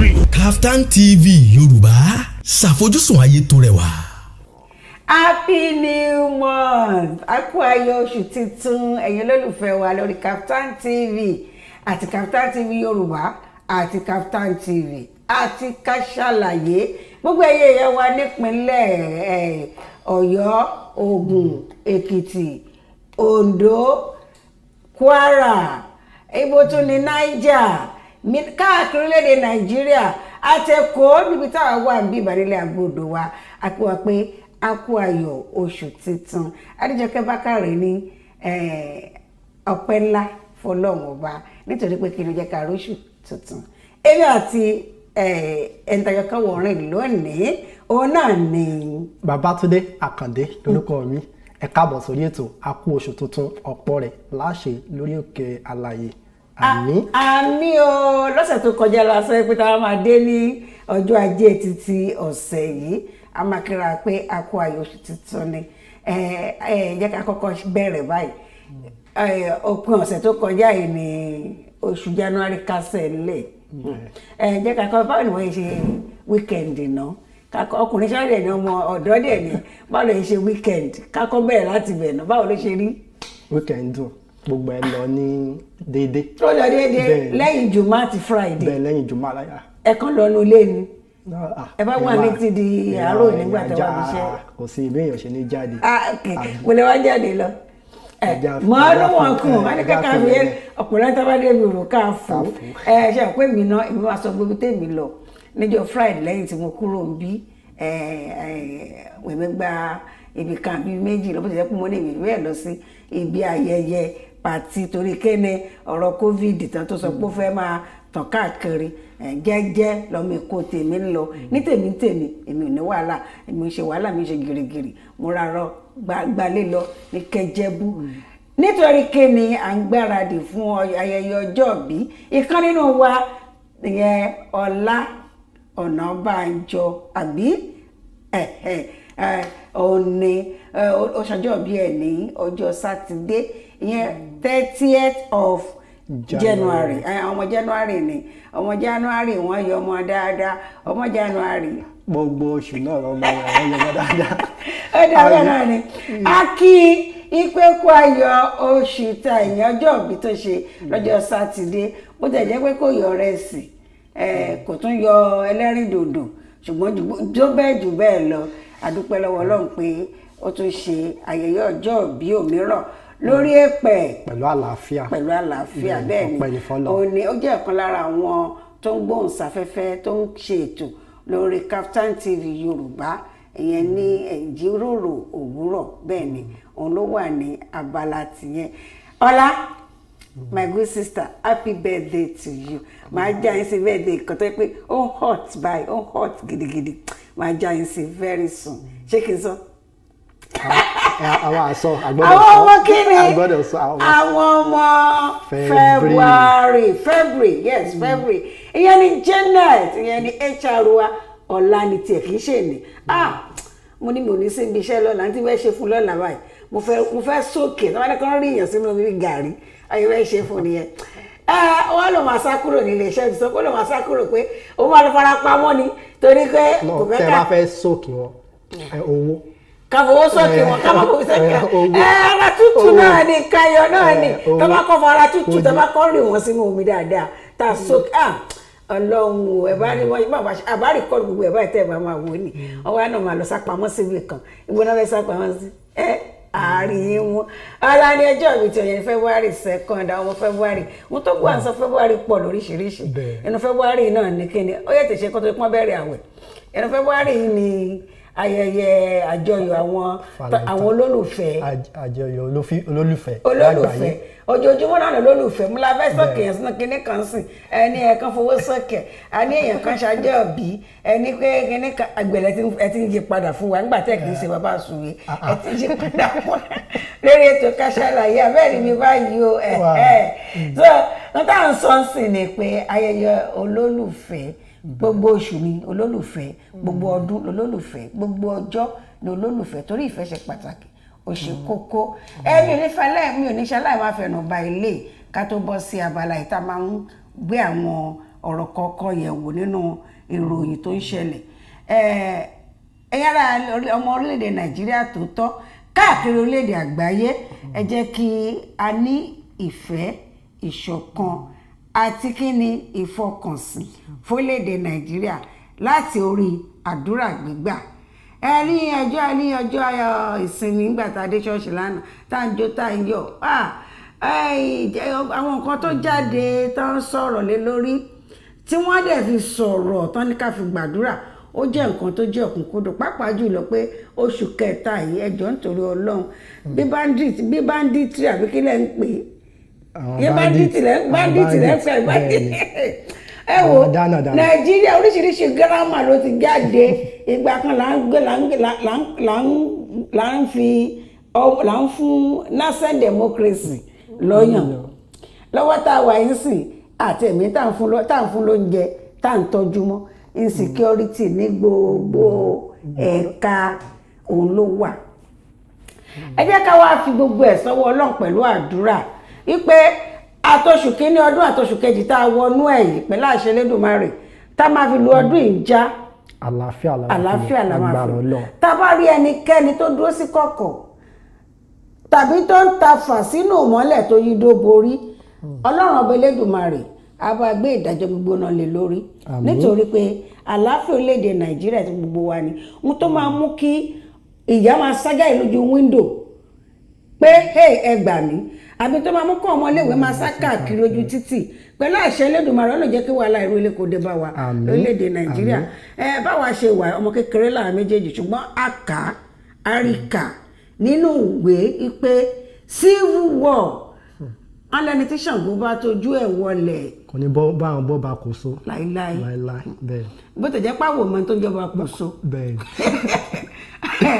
tv. Kaftan TV yorùbá ṣàfojúsùn ayé tó rẹwà. happy new month a kú ayọ̀ oṣù tuntun ẹ̀yin olólùfẹ́ wa lórí Kaftan TV àti Kaftan TV yorùbá àti Kaftan TV àti ká ṣàlàyé gbogbo ẹyẹ èèyàn wa nípínlẹ̀ Ọ̀yọ́ Ògùn Èkìtì Oǹdó Kwara ibo tún ní Niger káàkiri léde nàìjíríà àtẹ̀kọ́ níbi táwa wà ń bí ìbàdílẹ̀ àgbòdo wa àpò wa pé a kú ayọ̀ oṣù tuntun adéjọkẹ́ bákàrẹ́ ní ọpẹ́ ńlá fọlọ́run ọba nítorí pé kí ló jẹ́ ká róṣù tuntun èmi àti ẹ̀ǹtàjọ kan wọ̀ọ́rìn lónìí òun náà ni. Babátúndé Àkàndé lórúkọ mi ẹ káàbọ̀ sórí ètò a kú oṣù tuntun ọ̀pọ̀ rẹ̀ láṣẹ lórí òkè àlàyé àmín. àmín o lọ́sẹ̀ tó kọjá la sọ pé a máa dé ní ọjọ́ ajé títí ọ̀sẹ̀ yìí a máa kíra pé a kó ayọ̀ oṣù tuntun ni ẹ ẹ jẹ́ ká kọ́kọ́ bẹ̀rẹ̀ báyìí òpin ọ̀sẹ̀ tó kọjá yìí ni oṣù January kásẹ̀ ńlẹ̀ ẹ jẹ́ ká kọ́ báwo ni wọ́n ṣe wíkẹ̀ndì náà kakọ ọkùnrin sáré ni ọmọ ọ̀dọ́ dẹ̀ ni báwo ló ṣe weekend, kakọ bẹ̀rẹ̀ láti bẹ̀ náà báwo ló ṣe rí. Weekend o gbogbo ẹ lọ ní déédéé. ó lọ déédéé lẹ́yìn jùmọ̀ àti friday. bẹ́ẹ̀ lẹ́yìn jùmọ̀ àláyà. ẹ kàn lọ nu ilé ni. Ah, ah, ẹ bá wà ní ti di àárọ̀ nígbà tó wà níṣẹ́. kò sí ìbéèyàn ṣe ní jáde. Ah, mo lè wá jáde lọ. màá eh, ló wọn kùn wọn ní kẹkẹ àfi ọkùnrin tó bá dé mi rò ká fò eh, ẹ ṣe àpò èmi náà èmi wàá sọ gbogbo tèmi lọ níjọ́ friday lẹ́yìn tí mo kúrò ń bí eh, èmi gba ibì kan bíi méjì lọ bó ti jẹ́ pé mo ní ìbí bẹ́ẹ̀ lọ sí ibi ayẹyẹ pàtì torí kéne ọ̀rọ̀ covid tán tó sọ pé ó mm. fẹ́ máa tàn káàkiri jẹ́jẹ́ lọ́mọ èkó tèmi ń lọ ní mm. tèmi tèmi èmi ò ní wàhálà èmi ò ṣe wàhálà mi ṣe gìrìgìrì mo ra rọ gbalé lọ ní kẹjẹbú mm. nítorí kíni à ń gbáradì fún ayẹyẹ ọjọ́ bí ìkan nínú wa ìyẹn Ọlá Ọ̀nàbànjọ àbí òní ọ̀ṣọ́jọ́ bí ẹ̀ ní ọjọ́ sátidé ìyẹn hmm. thirtieth of january ọmọ january ni ọmọ january wọ́n yọ ọmọ dáadáa ọmọ january. gbogbo oṣù náà lọmọ wọn yọ ọmọ dáadáa. ó dáadáa náà ni hmm. a kí ipe kó ayọ̀ oṣù ta ìyànjọ́ òbí tó ṣe hmm. lọ́jọ́ sátidé bó tẹ̀ jẹ́ pé kò yọ rẹ̀ sí kò tún yọ ẹlẹ́rìndòdò ṣùgbọ́n tó bẹ́ẹ̀ jù bẹ́ẹ̀ lọ a dúpẹ́ lọ́wọ́ pé ó tún ṣe ayẹyẹ ọjọ́ òbí òmíràn lórí èpẹ̀ pẹ̀lú àlàáfíà pẹ̀lú àlàáfíà bẹ́ẹ̀ ni òní ó jẹ́ ọ̀kan lára àwọn tó ń gbóhùnsáfẹ́fẹ́ tó ń ṣe ètò lórí Kaftan TV Yorùbá ìyẹn ní ìjíròrò òwúrọ̀ bẹ́ẹ̀ ni òun ló wà ní abala tìyẹn ọlá my good sister happy birthday to you màá já yín sí birthday kan tó yẹ pé ó hot báyìí ó hot gidigidi màá já yín sí very soon ṣé kí n sọ àwọn àṣọ àgbọ́dọ̀ sọ àwọn ọmọ kíni àgbọ́dọ̀ sọ àwọn ọmọ February February yes February ìyẹn ni Janet ìyẹn ni HR wa ọ̀la ni tiẹ̀ kì í ṣe ni ah mo ní mo ní sí ibi iṣẹ́ lọ́la ní ti fẹ́ ṣe fún lọ́la báyìí mo fẹ́ mo fẹ́ sókè tí wọ́n kàn rí èèyàn sínú mi gàrí ayé fẹ́ ṣe fún nìyẹn eh, wọ́n lọ máa sá kúrò nílé iṣẹ́ ìṣọ́ kó lọ máa sá kúrò pé òun máa lọ fara pamọ́ ni torí pé kò fẹ́ ká. tẹ́ bá fẹ́ sókè wọn owó ká fowó sọ́ọ̀kì eh, wọn ká má fowó sọ́ọ̀kì eh, wọn ẹ eh, ara tútù náà ni kayọ̀ náà ni tó bá kọ́ fara tútù tó bá kọ́ rìn wọ́n sínú omi dáadáa tá sókè ah ọlọ́run o ẹ bá rí wọn ìmọ̀ àbáṣe àbárí kọ́ gbogbo ẹ̀ báyìí tẹ́ ẹ bá máa wò ní hmm. ọwọ́ náà máa lọ sápamọ́ síbi kan ìgbóná náà fẹ́ sápamọ́ sí ẹ àárín wọn ara ní ẹjọ́ mi ti ọ̀yẹ́ february second àwọn february wọn tó gbọ́n sọ february pọ̀ lóríṣiríṣi ẹnu february náà ní kíni ó yẹ tẹ̀sẹ̀ kó tó pọ́n bẹ̀rẹ̀ àwẹ̀ ẹnu february ni ayẹyẹ àjọyọ̀ àwọn àwọn olólùfẹ́. àjọyọ̀ olólùfẹ́. olólùfẹ́ ojoojúmọ́ náà olólùfẹ́ mo la fẹ́ sọ̀kè yẹn sínú kinní kan sìn ẹni ẹ̀ kan fowó sọ̀kè ẹni èèyàn kan ṣàjẹ́ òbí ẹni pé kinní kan àgbẹ̀lẹ̀ ẹ ti ń yí padà fún wa nígbà tẹ́ kì í ṣe ah. bàbá àsùnwé ah, ah. ẹ ti ń yí padà fún wa lórí ètò Ká Sálàyé abẹ́rẹ́ mi báyìí o ẹ̀ ẹ̀ so n táà ń sọ sí ni pé ayẹyẹ olólùfẹ́ gbogbo oṣù mi olólùfẹ́ gbogbo mm. ọdún olólùfẹ́ gbogbo ọjọ́ ni olólùfẹ́ torí ìfẹ́ ṣe pàtàkì ó ṣe mm. kókó mm. ẹni onífẹ́lẹ́ mi ò ní ṣe aláìmọ́ àfẹnùbà ilé ká tó bọ́ sí abala ìta máa ń gbé àwọn ọ̀rọ̀ kọ̀ọ̀kan yẹ̀ wò nínú ìròyìn tó ń ṣẹlẹ̀ ẹ̀yin ará ọmọ orílẹ̀-èdè nàìjíríà tó tọ́ káàkiri orílẹ̀-èdè àgbáyé ẹ jẹ́ kí a ní ìfẹ́ ìṣọ̀kan. Mm -hmm àti kí ni ìfọkànsìn fólédè nàìjíríà láti orí àdúrà gbígbà ẹ ní ẹjọ́ ẹ ní ọjọ́ ìsinmi nígbà tá a dé ṣọ́ọ̀ṣì lánàá tá à ń jó tá à ń yọ̀ àwọn nǹkan tó jáde tó ń sọ̀rọ̀ lé lórí tí wọ́n dẹ̀ fi sọ̀rọ̀ tán ní ká fi gbàdúrà ó jẹ́ nǹkan tó jẹ́ òkùnkùndùn pàápàá jùlọ pé oṣù kẹta yìí ẹjọ́ nítorí ọlọ́run hmm. bí banditry àbí kí lẹ́ ń pè é yẹn bandit lẹ bandit lẹ fẹ bandit nàìjíríà oríṣiríṣi ló ti jáde ìgbà kan là ń gbé là ń fi là ń fún nascent democracy lọ́yàn mm. lọ́wọ́ tá a wà sìn àti tá à ń fún lóúnjẹ tá à ń gbogbo mm. ẹ̀ka òun Ipe àtọ̀ṣù kínní ọdún àtọ̀ṣù kejì tá a wọnú ẹ̀yìn pẹ̀lú àṣẹ Elédùmarè tá a máa fi lu ọdún ìjà àlàáfíà àlàáfíà agbára Ọlọ́run tá a bá rí ẹnikẹ́ni tó dúró sí kọ̀kọ̀ tàbí tó ń ta fà sínú ìmọ́lẹ̀ tó yí dó borí Ọlọ́run ọba Elédùmarè a bá gbé ìdájọ́ gbígbóná lé lórí nítorí pé àlàáfíà orílẹ̀ Nàìjíríà ti gbogbo wa ni ohun tó máa mú kí ìyá máa ságá ìlójú wíńdò pé ẹ gbà mí àbí tó máa mú kọ́ ọmọléèwé máa sá káàkiri ojú títì pẹ̀lú àṣẹ Elédùmarè ló jẹ́ kí wàhálà irú ilé kò dé bá wa lórílẹ̀‐èdè Nàìjíríà ẹ báwa ṣe wà ọmọ kékeré làwọn méjèèjì ṣùgbọ́n àkà àríkà nínú ìwé pé civil war alẹ́ni tí Ṣàngó bá tójú ẹ̀ wọlé. kò ní bọ́ bá àwọn bọ́ba kò so. láíláí láíláí bẹ́ẹ̀. bó tẹ̀ jẹ́ pàwọ̀ mọ́ tó ń jọba kò so. bẹ́ẹ̀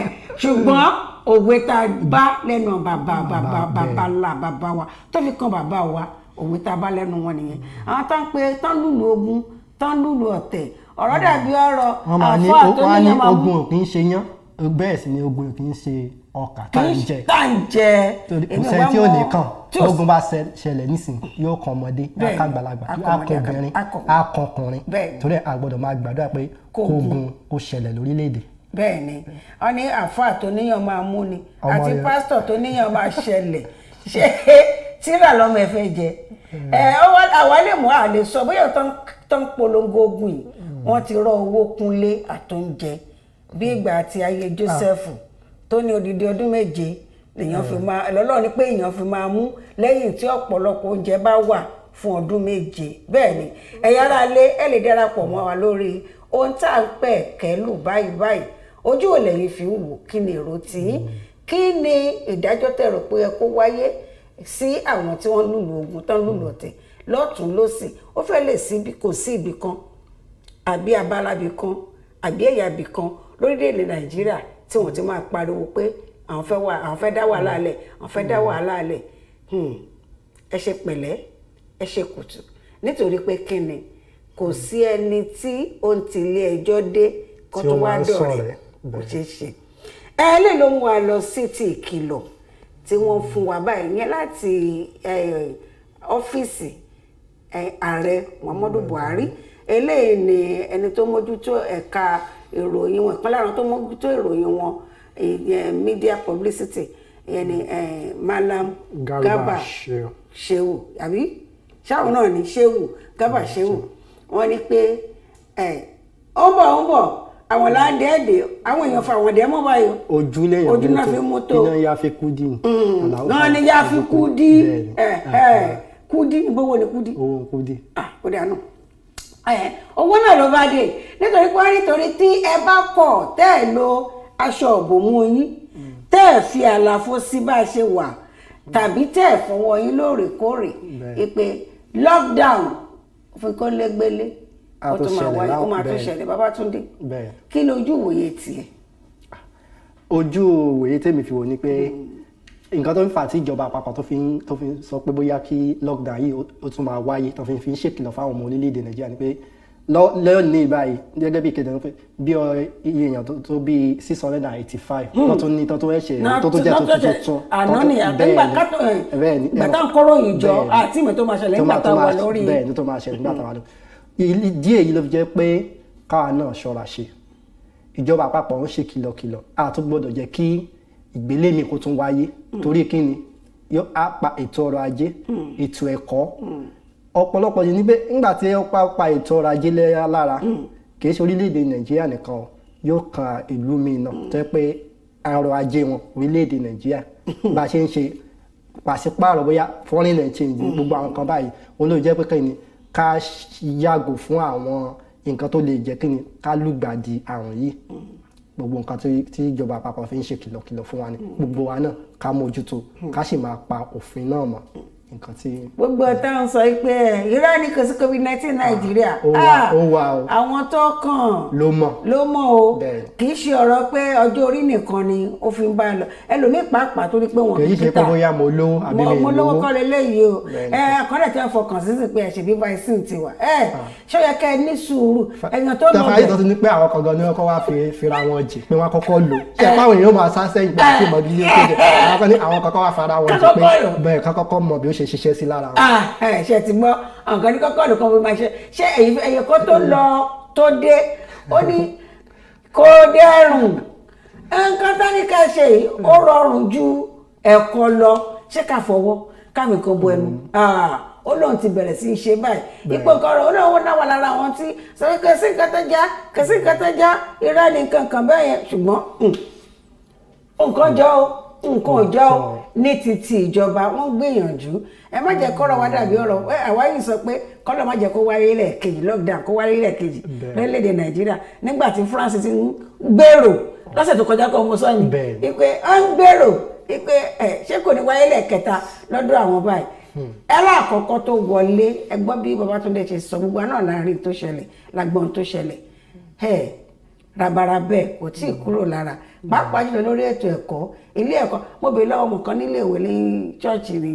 ṣùgbọ́n hmm. òwe tá a bá lẹ́nu bàbá bàbá bàbá là bàbá wa tó fi kan bàbá wa òwe tá a bá lẹ́nu wọn nìyẹn àwọn tán pé tán lùlù ogun tán lùlù ọ̀tẹ̀ ọ̀rọ̀ hmm. dàbí ọ̀rọ̀ àfọ àtọ́nìyàn máa mú. wọ́n máa ní ogun ò kì ni ogun ò kì í ṣe ọkà tá ń jẹ tá ń jẹ torí kò sẹ́ni tí ò ní kàn ogun bá ṣẹlẹ̀ nísìn yóò kàn ọmọdé akàgbàlagbà akọbìnrin akọkùnrin torí a gbọ́dọ̀ máa gbàdúrà pé kógun kó ṣẹlẹ̀ lórílẹ̀ bẹ́ẹ̀ ni wọ́n ní àáfàá tó níyàn máa mú ni àti pásítọ̀ tó níyàn máa ṣẹlẹ̀ ṣe tíra lọ́mọ ẹ fẹ́ jẹ hmm. àwa lè àlè sọ bóyá tó ń polongo ogun yìí hmm. wọ́n ti rọ owó kúnlé àtúnjẹ bí hmm. ìgbà àti ayé ah. Joseph tó ní odidi ọdún méje èèyàn fi máa lọ́lọ́run ni pé èèyàn fi máa mú lẹ́yìn tí ọ̀pọ̀lọpọ̀ oúnjẹ bá wà fún ọdún méje bẹ́ẹ̀ ni ẹ̀yà ara lé ẹ̀ lè darapọ̀ mọ́ wa lórí ohun tá à ń pẹ̀ kẹ́lù báyìí báyìí ojú òlẹ̀ yìí fi ń wò kí ni èrò tí hmm. kí ni ìdájọ́ tẹ́ rò pé ẹ kó wáyé sí àwọn tí wọ́n lùlù ogun tán lùlù hmm. ọ̀tẹ̀ lọ́tún lọ́sì ó fẹ́ lè sí kò sí ibì kan àbí abálábì kan àbí ẹ̀yàbì kan lórílẹ̀‐èdè nàìjíríà tí wọ́n ti máa pariwo pé àwọn fẹ́ dá wàhálà lẹ̀ àwọn fẹ́ dá hmm. wàhálà lẹ̀ ẹ ṣe pẹ̀lẹ́ ẹ ṣe kùtù nítorí pé kí ni kò sí ẹni tí ó ń tilé ẹjọ́ dé kó tó wá dọ̀rẹ́ kò ṣeé ṣe ẹ lè ló mú wa lọ sí ti ìkìlọ̀ tí wọ́n fún wa báyìí yẹn láti ọ́fíìsì ààrẹ Muhammadu mm. Buhari eléyìí ni ẹni tó mójútó ẹ̀ka ìròyìn wọn ìpínlẹ̀ àwọn tó mójútó ìròyìn wọn media publicity ìyẹn ni Malam Garba Shehu àbí ṣáà náà ni Shehu Garba mm, Shehu wọ́n ní pé ó ń bọ̀ ó ń bọ̀ àwọn láàdé èdè àwọn èèyàn fa àwọn dẹ́mọ̀ báyìí. ojú lẹ́yìn ojú náà fi mọ́tò iná ya fi kú dì. Mm. náà ni ya fi kú dì eh, ah, eh, ah. kú dì gbowó ni kú dì. owó kú dì. ah ó dáa náà eh, owó náà ló bá dé nítorí pé nítorí tí ẹ bá kọ̀ tẹ́ ẹ lo aṣọ òbòmú yín tẹ́ ẹ fi àlàfo sí bá a ṣe wà tàbí tẹ́ ẹ fọwọ́ yín lóòrèkóòrè pé lockdown fi kó légbélé ó tún máa wáyé ó máa tún ṣẹlẹ̀ Babátúndé kí lójú òwòye tiẹ̀. ojú òwòye tèmi fi wò ni pé nǹkan tó ń fà tí ìjọba àpapọ̀ tó fi ń tó fi ń sọ pé bóyá kí lockdown yìí ó tún máa wáyé tó fi ń ṣèkìlọ̀ fáwọn ọmọ orílẹ̀-èdè Nàìjíríà ni pé lónìí báyìí gẹ́gẹ́ bí ìkéde bí iye èèyàn tó bí six hundred and eighty five hmm. tó tún ní tó tún ẹ̀ṣẹ̀ tó tún jẹ́ tuntun tuntun. àná ni àtẹ́gbà kátó eh, ẹ̀ bàtà ń kọ́rọ̀ ìjọ àti ìmọ̀ tó máa ṣẹlẹ̀ nígbà tá a wà lórí. bẹ́ẹ̀ ni tó máa ṣẹlẹ̀ nígbà tá a wà lórí díẹ̀ yìí ló fi jẹ́ pé káwa náà ṣọ́ra ṣe ìjọba àpapọ̀ ń ṣe kìlọ̀kìlọ̀ a tún gbọ́dọ̀ jẹ́ kí ìgbélémi kó tún wáyé hmm. torí kí ni yóò á pa ètò ọrọ̀ ajé hmm. ètò ẹ̀kọ́ hmm. ọ̀pọ̀lọpọ̀ yìí níbẹ̀ nígbà tí ó pa pa ètò ọrọ̀ ajé lára kì í ṣe orílẹ̀-èdè nàìjíríà nìkan o yóò kan ìlú mi náà tó yẹ pé ọrọ̀ ajé wọn orílẹ̀-èdè nàìjíríà bá a ṣe ń ṣe pàṣípààrọ̀ bóyá foreign exchange gbogbo àwọn kan báyìí olóòjẹ́ pé kẹ́ni ká yàgò fún àwọn nǹkan tó lè jẹ́ kí ni ká lùgbàdì àrùn yìí gbogbo nǹkan tí ìjọba àpapọ̀ fi ń ṣe kìlọ̀kìlọ̀ fún wa ni gbogbo wa náà ká mójútó ká sì máa pa òfin náà mọ́ nǹkan tí. gbogbo ọ̀tá ń sọ pé irọ́ ni kò sí covid nineteen nàìjíríà ah, ah, àwọn tó kàn ló mọ̀ ló mọ̀ o kì í ṣe ọ̀rọ̀ pé ọjọ́ orí nìkan ni ó fi ń bá a lọ ẹlòmíì pàápàá torí pé wọn kì í ṣe pé bóyá mo lówó àbí mi lówó mo lówó kọ́ leléyìí o àkọ́dẹ̀ tí wọ́n sí sí pé ẹ̀ṣẹ̀ bí vaccine ti wà ah. ṣé ó ní sùúrù ṣe ṣiṣẹ́ sí lára wọn. Ah, ṣe ti mọ nǹkan ní kọ́kọ́ nìkan mo máa ṣe ṣé ẹ̀yẹ kan tó lọ tó dé ó ní kó dẹ́rùn nǹkan tání ká ṣe yìí ó rọrùn ju ẹ̀kọ́ lọ ṣé ká fọwọ́ káàmì kan bo ẹnu mm. ah, ó lóun ti bẹ̀rẹ̀ sí í ṣe báyìí ipò nǹkan rẹ̀ ó lóun náà wà lára àwọn tí sọ kẹsí nǹkan tó já kẹsí nǹkan tó já irá ni nǹkan kan bẹ́ẹ̀ yẹn ṣùgbọ́n mm, nǹkan jọ o nǹkan ọjọ́ ní ti ti ìjọba wọ́n gbìyànjú ẹ má jẹ́ kọ́rọ̀ wá dàbí ọ̀rọ̀ àwa yìí sọ pé kọ́rọ̀ má jẹ́ kó wáyé lẹ́ẹ̀kejì lockdown kó wáyé lẹ́ẹ̀kejì lórílẹ̀‐èdè nàìjíríà nígbà tí France ti ń gbèrò lọ́sẹ̀ tó kọjá kan mo sọ ni ipe ó ń gbèrò ipe ẹ ṣé kò ní wáyé lẹ́ẹ̀kẹta lọ́dọ̀ àwọn báyìí hmm. ẹlẹ́àkọ́kọ́ tó wọlé ẹgbọ́n bí Babátúndé ṣe sọ gbogbo náà láàrin tó ṣẹlẹ̀ lágbọ́n tó ṣẹlẹ̀ rabarabẹ kò tí ì kúrò lára pàápàá jùlọ lórí ètò ẹ̀kọ́ ilé ẹ̀kọ́ mo bèèrè lọ́wọ́ ọmọ kan nílé ìwé ní ṣọ́ọ̀ṣì ní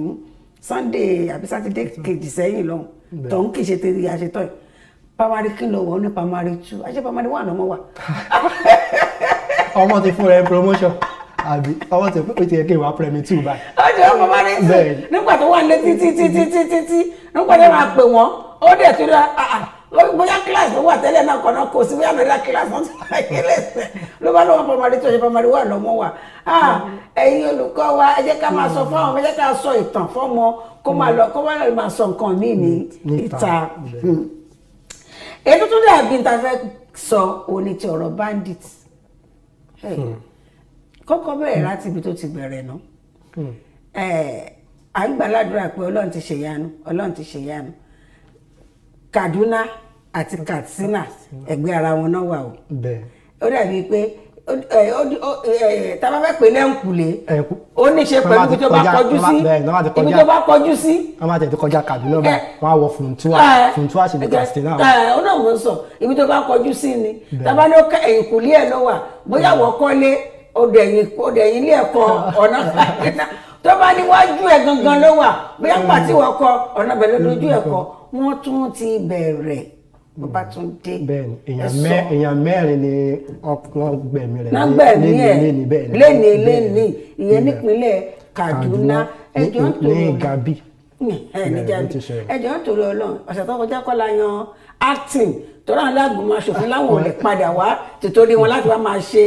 sunday àbí sátidé kejì sẹ́yìn lọ́hùn tó ń kì í ṣe tètè àṣetọ́ yìí primary kí ló wọ̀ ní primary two àṣẹ primary one ọmọ wa. ọmọ ti fún rẹ promotion àbí ọmọ ti fún ti yẹ kí ìwà primary two báyìí. ó jẹ́ primary two nígbà tó wà ní títí títí títí nígbà tó wà pè wọ́n ó dẹ̀ tó dá lórí bóyá class tó wà tẹ́lẹ̀ náà kọ́ náà kò sí bóyá another class náà tó wà kílẹ̀ sẹ́ ló bá lọ́wọ́ primary tó ṣe primary wà lọ́mọ ah, wa ẹ̀yin olùkọ́ wa ẹ jẹ́ ká máa sọ fún àwọn ẹ jẹ́ ká sọ ìtàn fọ́mọ kó máa lọ kó máa lọ máa sọ nǹkan míì ní ìta hmm. èyí tó tún dàbí níta fẹ́ sọ òní ti ọ̀rọ̀ bandit hmm. kọ́kọ́ bẹ̀rẹ̀ láti ibi tó ti bẹ̀rẹ̀ náà hmm. eh, à ń gbàládùra pé ọlọ́run ti ṣèyanu ọlọ́run ti ṣèyanu Kaduna àti Katsina ẹ̀gbẹ́ ara wọn náà wà o ó dàbí pé tá a bá fẹ́ pè ní ẹ̀ǹkùlé ó ní ṣe pẹ̀lú ibi tó bá kọjú sí ibi tó bá kọjú sí. wọ́n máa tètè kọjá Kaduna bá wọ́n á wọ Funtua Funtua sì ní Katsina. ó náà mọ̀ ń sọ ibi tó bá kọjú sí ni tá a bá ní ẹ̀ǹkùlé ẹ̀ ló wà bóyá wọ́n kọ́lé ọdẹ ẹ̀yìn ilé ẹ̀kọ́ ọ̀nà Kaduna tó bá níwájú ẹ̀ gangan ló wà bóyá pàtí wọ́n kọ ọ̀nà bẹ̀rẹ̀ lójú ẹ̀kọ́ wọ́n tún ti bẹ̀rẹ̀ Babátúndé ẹ̀sọ́ èèyàn mẹ́rin ni wọ́n gbẹ̀mí rẹ̀ léni léni bẹ́ẹ̀ ni léni léni ìyẹn nípínlẹ̀ Kaduna ẹjọ́ tó ní Gabi ẹni Gabi ẹjọ́ tó lọ lọ ọ̀sẹ̀ tó kọjá kọ́ la yan acting tọ́lá alágùnmọ̀ aṣòfin láwọn ò lè padà wá tìtorí wọn láti wá máa ṣe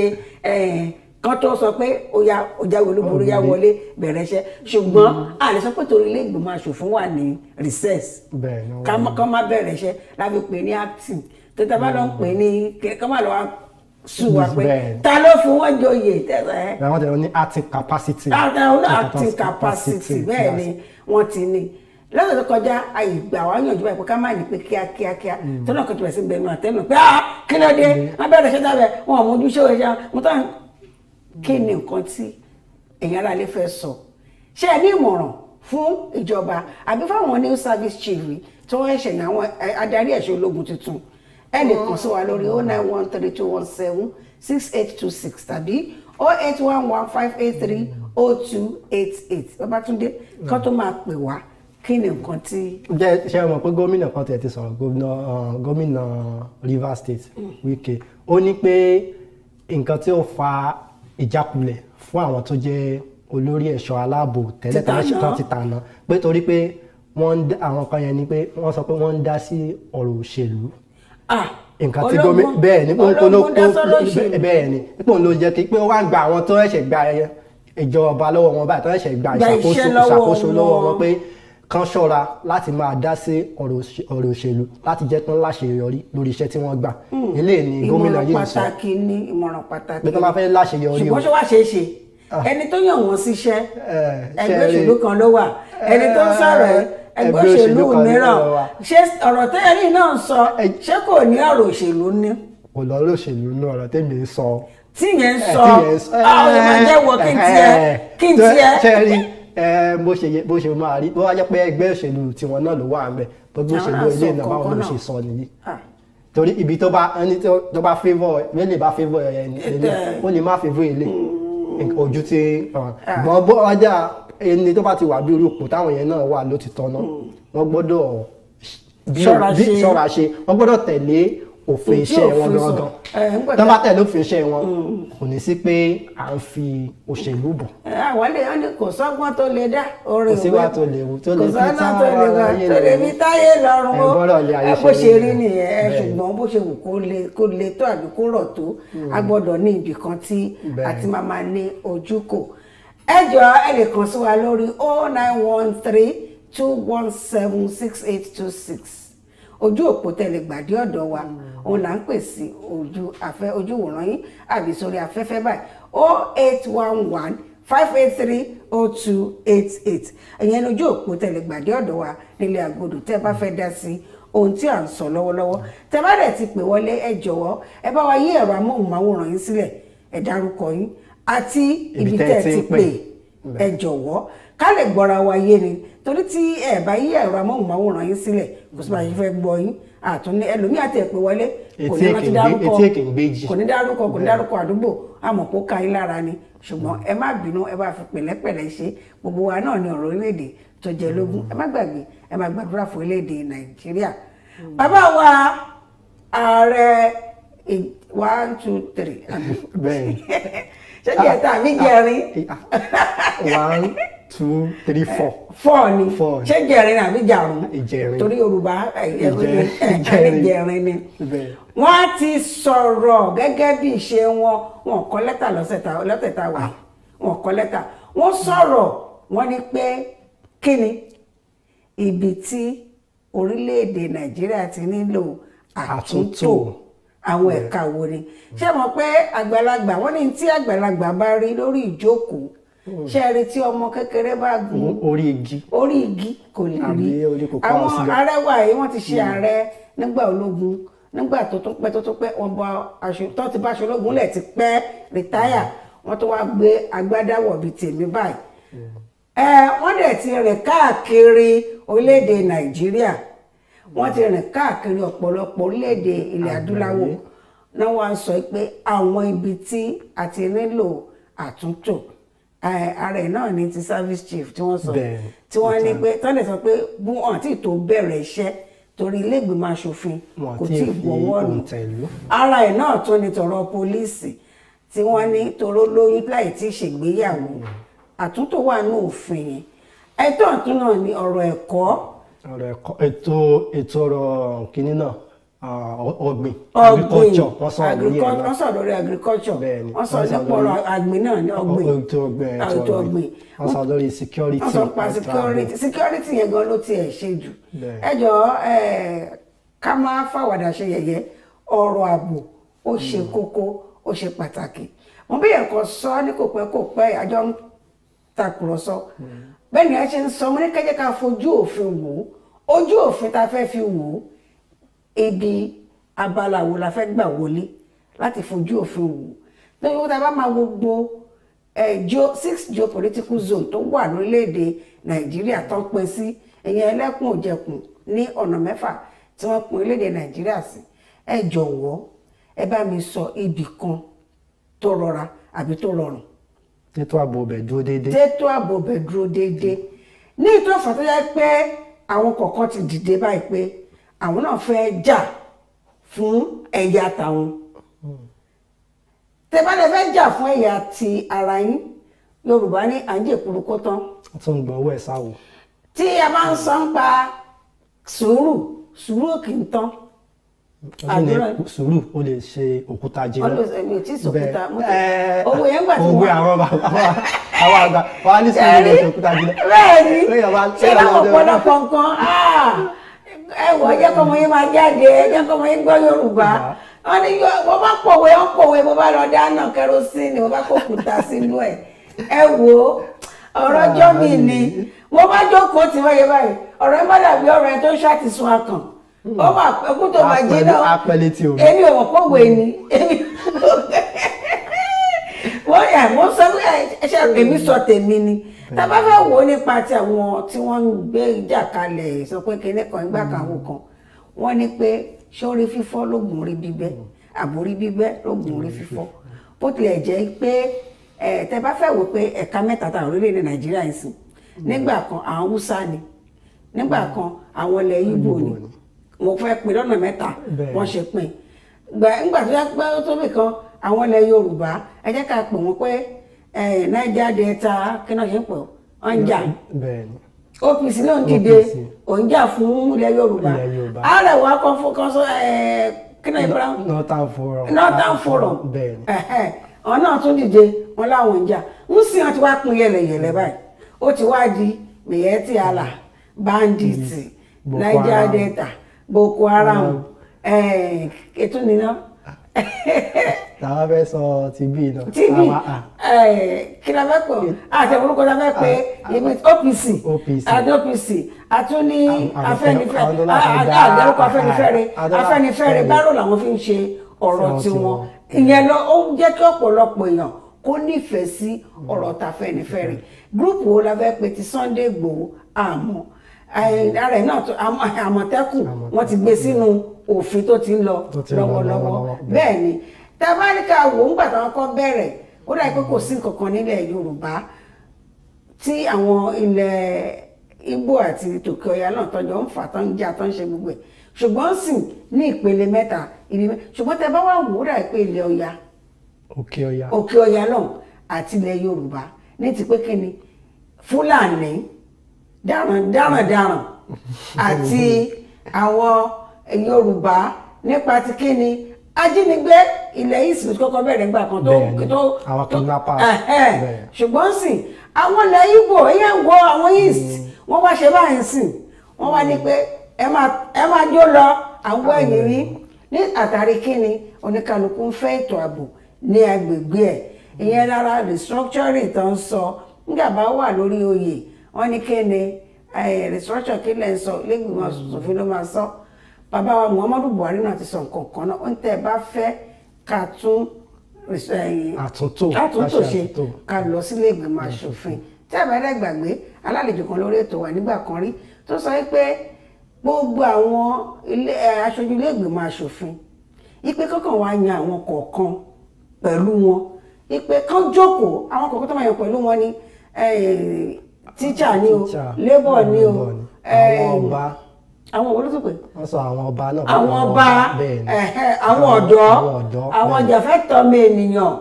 kan tó sọ pé ó ya ó jáwé olúborí ya wọlé bẹ̀rẹ̀ iṣẹ́ ṣùgbọ́n àlè sọ pé torí ilé ìgbìmọ̀ asòfin wà ní recess kán má bẹ̀rẹ̀ iṣẹ́ láfi pè ní acting tó tá a bá lọ ń pè ní kán má lọ wá sùn wá pé ta ló fi wọ́n joyè tẹ́lẹ̀. àwọn tẹ̀wọ́n ní acting capacity. àwọn acting capacity bẹ́ẹ̀ ni wọ́n ti ní lọ́dọ̀ tó kọjá àyè gbà wá yànjú báyìí pé ká má ní pé kíá kíá kíá tó náà kọjú bẹ̀ sí gbẹ̀mí àtẹ́nu pé ah, kí ló dé wọ́n hmm. bẹ̀rẹ̀ ṣẹ́ta bẹ̀ wọ́n mú ojúṣe òye ṣá mo tán kí ni nǹkan tí èèyàn aráalé fẹ́ sọ ṣé ẹ ní ìmọ̀ràn fún ìjọba àbí fáwọn new service chief tí wọ́n ṣẹ̀ ní àwọn eh, adarí ẹ̀ṣọ́ ológun tuntun ẹ lè sí wa lórí mm. o oh nine one three two one seven six eight two six tàbí o oh eight one one five eight three o oh two eight eight Babátúndé kan tó máa pè wá kí ni nǹkan tí. jẹ ṣe mọ̀ pé gómìnà kan tẹ̀ ti sọ̀rọ̀ gómìnà eh, Rivers State mm. Wike ó ní pé nǹkan tí ó fa ìjákulẹ̀ fún àwọn tó jẹ́ olórí ẹ̀ṣọ́ aláàbò tẹ́lẹ̀ tán ti tàná pé torí pé wọ́n àwọn kan yẹn ni pé wọ́n sọ pé wọ́n ń dá sí ọ̀rọ̀ òṣèlú ah, nǹkan tí gómi bẹ́ẹ̀ ni bẹ́ẹ̀ ni pọ́n ló jẹ́ kí pé wọ́n á gba àwọn tó ẹ̀ṣẹ̀ gba ìjọba lọ́wọ́ wọn báyìí tó ẹ̀ṣẹ̀ gba ìṣàkóso lọ́wọ́ wọn pé kan ṣọ́ra láti máa dá sí ọ̀rọ̀ òṣèlú láti jẹ́ kán láṣeyọrí lórí iṣẹ́ tí wọ́n gbà eléyìí ni gómìnà yìí sọ ìmọ̀ràn pàtàkì ni ìmọ̀ràn pàtàkì pé tó máa fẹ́ láṣeyọrí o ṣùgbọ́n ṣé wàá ṣeé ṣe ah. ẹni tó yàn wọ́n síṣẹ́ eh, ẹgbẹ́ òṣèlú kan ló wà eh, ẹni tó ń sọ̀rọ̀ ẹgbẹ́ òṣèlú mìíràn ṣé ọ̀rọ̀ tẹ́yẹ̀rí náà sọ eh, ṣé kò ní ọ̀rọ̀ òṣèlú ní. kò lọ́rọ̀ òṣèlú ní ọ̀rọ̀ tẹ́mi sọ. tíyẹn sọ ọ̀rọ̀ ìmọ̀jẹ̀wọ̀ ah, kí n tiẹ̀ kí n tiẹ̀. Eh, bó ṣe bó ṣe máa rí bó wá jẹ́ pé ẹgbẹ́ òṣèlú tiwọn náà ló wà ń bẹ̀ gbogbo òṣèlú ilé ìnáwó àwọn ló ṣe sọ nìyí ah. torí ibi tó bá ẹni tó bá favour wọ́n lè bá favour ẹ̀ eh, ẹ̀lẹ́ eh. ó lè má favour ẹ̀lẹ́ mm. ojú ti ah, ah. gbọ́n bó ọjà ẹni tó bá ti wà bí irú ipò táwọn yẹn náà wà ló ti tọ́nà mm. wọ́n gbọ́dọ̀ ṣọ́ra ṣe wọ́n gbọ́dọ̀ tẹ̀lé òfin iṣẹ́ wọn gangan tó bá tẹ̀lé òfin iṣẹ́ wọn mm. kò ní sí pé à ń fi òṣèlú bọ̀. àwọlé wọn ni kò sọ́gbọ́n tó lè dá orin ìwé kò sọ́gbọ́n tó lè wù tó lè fi táyé lọ́rùn ó bó ṣe rí nìyẹn ṣùgbọ́n bó ṣe wù kó le tó àbí kó rọ̀ tó a mm. gbọ́dọ̀ ní ibì kan tí a ti máa máa ní ojúkò ẹ jọ̀ọ́ ẹ lè kàn sí wa lórí oh nine one three two one seven six eight two six ojú òpó tẹ̀lé gbàdé ọ̀dọ̀ wa mm. òun là ń pè sí ojú afẹ́ ojú wòran yín àbí sórí afẹ́fẹ́ báyìí o oh eight one one five eight three o oh two eight eight ẹ̀yẹn ojú òpó tẹ̀lé gbàdé ọ̀dọ̀ wa nílé àgbòdo tẹ́ bá fẹ́ dá sí ohun tí à ń sọ lọ́wọ́lọ́wọ́ tẹ́ bá dẹ̀ ti pè wọlé ẹ jọ̀wọ́ ẹ bá wa yí ẹ̀rọ amóhùnmáwòrán yín sílẹ̀ ẹ dárúkọ yín àti ibi tẹ́ ẹ ti pè ẹ jọ̀wọ́ ká lè gbọ́ra wa yé ni torí tí ẹ bá yí ẹ̀rọ amóhùnmáwòrán yín sílẹ̀ kò sí bá yín fẹ́ gbọ́ yín àtúnní ẹlòmíì àti ẹ̀pẹ́ wọlé kò ní rántí dárúkọ kò ní dárúkọ kò ní dárúkọ àdúgbò àmọ̀pọ̀ ka yín lára ni ṣùgbọ́n ẹ má bínú ẹ bá fi pẹ̀lẹ́pẹ̀lẹ́ ṣe gbogbo wa náà ni ọ̀rọ̀ orílẹ̀-èdè tó jẹ lógún ẹ má gbàgbé ẹ má gbàdúrà fún orílẹ̀-èdè Nàìjíríà bàbá wa ààrẹ one two three. ṣẹ́jẹ̀ ta mi jẹrin. Ah, eh, ah, one two three eh, four. four ni ṣẹ́jẹ̀rin àbí jàrún. ìjẹrin torí yorùbá eh, ìjẹrin ni. wọ́n á ti sọ̀rọ̀ gẹ́gẹ́ bí ìṣe wọn wọn kọ lẹ́tà lọ́sẹ̀ tá wà ah. wọn kọ lẹ́tà wọ́n sọ̀rọ̀ wọ́n ní pé kí ni ibi tí orílẹ̀-èdè nàìjíríà ti nílò àtúntò àwọn ẹ̀ka wo ni ṣé mọ̀ pé àgbàlagbà wọ́n ní tí àgbàlagbà bá rí lórí ìjókòó hmm. ṣé ẹ rí tí ọmọ kékeré bá gùn orí igi orí igi kò lè rí àwọn arẹwà yìí wọ́n ti ṣe hmm. ààrẹ nígbà ológun nígbà tó tó pẹ́ tó tó pẹ́ wọ́n bá tó ti bá aṣọ́lógun lẹ̀ ti pẹ́ rìtáyà hmm. wọ́n tó wá gbé agbádáwọ̀ bíi tèmi báyìí wọ́n dẹ̀ ti rìn káàkiri orílẹ̀-èdè nàìjíríà wọ́n ti rìn káàkiri ọ̀pọ̀lọpọ̀ orílẹ̀-èdè ilẹ̀ adúláwọ̀ náà wá ń sọ pé àwọn ibi tí a ti nílò àtúntò ààrẹ náà ní ti service chief tí wọ́n sọ tí wọ́n ní pé tọ́lẹ̀ sọ pé bú hàn tí tó bẹ̀rẹ̀ iṣẹ́ torí ilé ìgbìmọ̀ asòfin kò tí ì gbọ́wọ́ nù ara ẹ̀ náà tún ni tọ̀rọ̀ pólíìsì tí wọ́n ní toró lóyún láì tí ì ṣègbéyàwó mm. àtúntò wà ní òfin yẹn ẹ̀tọ́ ọ̀tún náà ni ọ̀rọ̀ ẹ̀kọ́ ọ̀rọ̀ ẹ̀kọ́ ètò ètò ọ̀rọ̀ kìíní náà ọ̀gbìn agriculture wọ́n sọ lórí ẹ̀ náà wọ́n sọ lórí agriculture wọ́n sọ nípa ọ̀rọ̀ àgbìn náà ní ọ̀gbìn ètò ọ̀gbìn ètò ọ̀gbìn wọ́n sọ lórí security wọ́n sọ pa security security yẹn gan ló tiẹ̀ ṣe jù ẹ jọ ká má fàwàdà ṣe yẹ̀yẹ́ ọ̀rọ̀ ààbò ó ṣe hmm. kókó ó ṣe pàtàkì mo bí ẹ̀kọ́ sọ ní kò pẹ́ kò pẹ́ àjọ ń takùrọ̀sọ hmm. bẹ́ẹ̀ ni ẹ ṣe ń sọ mo ní kẹ́jẹ́ ká fojú òfin wò ó ojú òfin tá fẹ́ fi wò ó ibi abala wo la fẹ́ gbà wọlé láti fojú òfin wò ó lórí wọn tá a bá máa gbogbo six geopolitical zone tó wà lórílẹ̀‐èdè nàìjíríà tó ń pín sí ẹ̀yìn ẹlẹ́kùn òjẹ̀kùn ní ọ̀nà mẹ́fà tí wọ́n pín orílẹ̀‐èdè nàìjíríà sí ẹ jọ̀wọ́ ẹ bá mi sọ ibì kan tó rọra àbí tó rọrùn. tètò ààbò ọbẹ̀ dúró déédéé. tètò ààbò ọbẹ̀ dúró déédéé ní ìtòfà tó yẹ pé àwọn kọ̀ọ̀kan ti dìde báyìí pé àwọn náà fẹ́ jà fún ẹ̀yà tàwọn tẹ bá lè fẹ́ jà fún ẹ̀yà ti ara yín yorùbá ní à ń jèkúrú kó tán. tó ń gbọ́ owó ẹ̀ sáwò. tí a bá ń sọ ń sùúrù sùúrù kì í tán àdúrà sùúrù o lè ṣe òkúta jìnnà bẹ́ẹ̀ owó yẹn gbà tí wọn. owó àwọn àwọn àgbà wọn á ní sùúrù o lè ṣe òkúta jìnnà. bẹ́ẹ̀ni ṣé báwọn ọ̀pọ̀lọpọ̀ nǹkan ah, ẹwọ jẹ kọmọ yín máa jáde jẹ kọmọ yín gbọ́ Yorùbá wọn ni wọn bá pòwe wọn pòwe bó bá lọ dáná kẹrosínì wọn bá kó òkúta sínú ẹ ẹ wò ó ọ̀rọ̀ jọmí ni wọn bá jókòó tí wọn yẹ báyìí ọ̀rọ̀ ẹ má dàbí ọ̀rọ̀ ẹ tó ṣàtìsún akàn ó wà pẹ́kú tó máa jí náà apẹ̀lẹ̀ tí o rí èmi ò mọ̀ kó wé ni èmi wọ́n yà wọ́n sọ ẹ̀ṣẹ̀ èmi sọ tèmi ni tá a bá fẹ́ wò ó nípa ti àwọn tí wọ́n ń gbé ìjà kalẹ̀ sọ pé kinní kan ìgbà kan àwọn kan wọ́n ní pé sórí fífọ́ lóògùn orí bíbẹ́ àbórí bíbẹ́ lóògùn orí fífọ́ bó tilẹ̀ jẹ́ pé tẹ́ bá fẹ́ wò pé ẹ̀ka mẹ́ta ta orílẹ̀-èdè nàìjíríà ń sìn nígbà kan àwọn haúsá ni nígbà kan àwọn ilẹ̀ ibo ni mo fẹ́ pin lọ́nà mẹ́ta wọ́n ṣe pin gbàgbà tó yá pé ó tó kan àwọn ilẹ̀ Yorùbá ẹ jẹ́ ká pè pé Naija Delta kí náà ṣe ń pọ̀ ọ́n jà OPC náà ń dìde fún ilẹ̀ Yorùbá ààrẹ wa kan fún kan sọ kí náà ibra Northern Forum Northern Forum ọ̀n dìde wọn ń jà ń ti wá di Naija Delta. Boko Haram eh, ètò nínà. tàwa fẹ́ sọ tìbí lọ. tìbí ah. eh, kí la fẹ́ pọ̀ ah, àti orúkọ la fẹ́ pé ah, èmi OPC àti OPC àtún ní Afẹ́nifẹ́re àdárúkọ Afẹ́nifẹ́re Afẹ́nifẹ́re bárò làwọn fi ń ṣe ọ̀rọ̀ tiwọn ìyẹn lọ ó jẹ́ kí ọ̀pọ̀lọpọ̀ èèyàn kó nífẹ̀ẹ́ sí ọ̀rọ̀ tàfẹ́nifẹ́re mm. gúrùpù wo la fẹ́ pè ti Sunday Igboho àmọ́. Ah, ara ẹ̀ náà àmọ̀tẹ́kùn wọ́n ti gbé sínú òfin tó ti ń lọ lọ́wọ́lọ́wọ́ bẹ́ẹ̀ ni tabaríkà wò ń gbà táwọn kọ́ bẹ̀rẹ̀ ó dàbí pé kò sí nǹkan kan nílẹ̀ Yorùbá tí àwọn ilẹ̀ Ìgbò àti tòkè ọ̀yà náà tọ́jọ́ ń fà tán ń jà tán ń ṣe gbogbo ẹ̀ ṣùgbọ́n sì ní ìpele mẹ́ta ibi ṣùgbọ́n tẹ bá wà wò ó dàbí pé ilẹ̀ ọ̀yà òkè ọ̀yà náà àti ilẹ̀ Yorùbá ní ti pé kí Fúlàní dáràn dáràn dáràn àti àwọn yorùbá nípa ti kí ni ajínigbé ilẹ̀ ìsìn kọ́kọ́ bẹ̀rẹ̀ ńgbà kan tó tó àwọn kidnappers ṣùgbọ́n sì àwọn ilẹ̀ Ìgbò ẹ̀yẹ́ ń wọ àwọn east mm. wọ́n wá ṣe báyìí sìn wọ́n wá ní pé ẹ máa jó lọ àwọn ẹ̀yìn yìí ní àtàrí kí ni oníkàlùkù ń fẹ́ ètò ààbò ní agbègbè ẹ̀ ìyẹn lára restructuring tó ń sọ nígbà bá wà lórí oyè wọ́n ní kéde eh, restructure kí lẹ́ ń sọ lẹ́gbìmọ̀ ṣòfin ló máa sọ bàbá wa Muhammadu Buhari náà ti sọ nǹkan kan náà ó ń tẹ́ ẹ bá fẹ́ ká tún eh, àtúntò àtúntò ṣe ká lọ sílé ìgbìmọ̀ aṣòfin tí àbẹ̀rẹ̀ gbàgbé alálejò kan lórí ètò wa nígbà kan rí tó sọ pé gbogbo àwọn eh, aṣojú ilé ìgbìmọ̀ aṣòfin ipe kọ́kàn wá yan àwọn kọ̀ọ̀kan pẹ̀lú wọn ipe kán jókòó àwọn kọ̀ọ̀kan tó máa yan pẹ̀lú wọn ni tíjà ni o labour ni o àwọn eh, ọba àwọn wo ló tún pè. wọ́n sọ àwọn ọba náà. àwọn ọba àwọn ọ̀dọ́ àwọn jàfẹ́tọ̀ọ́mọ ènìyàn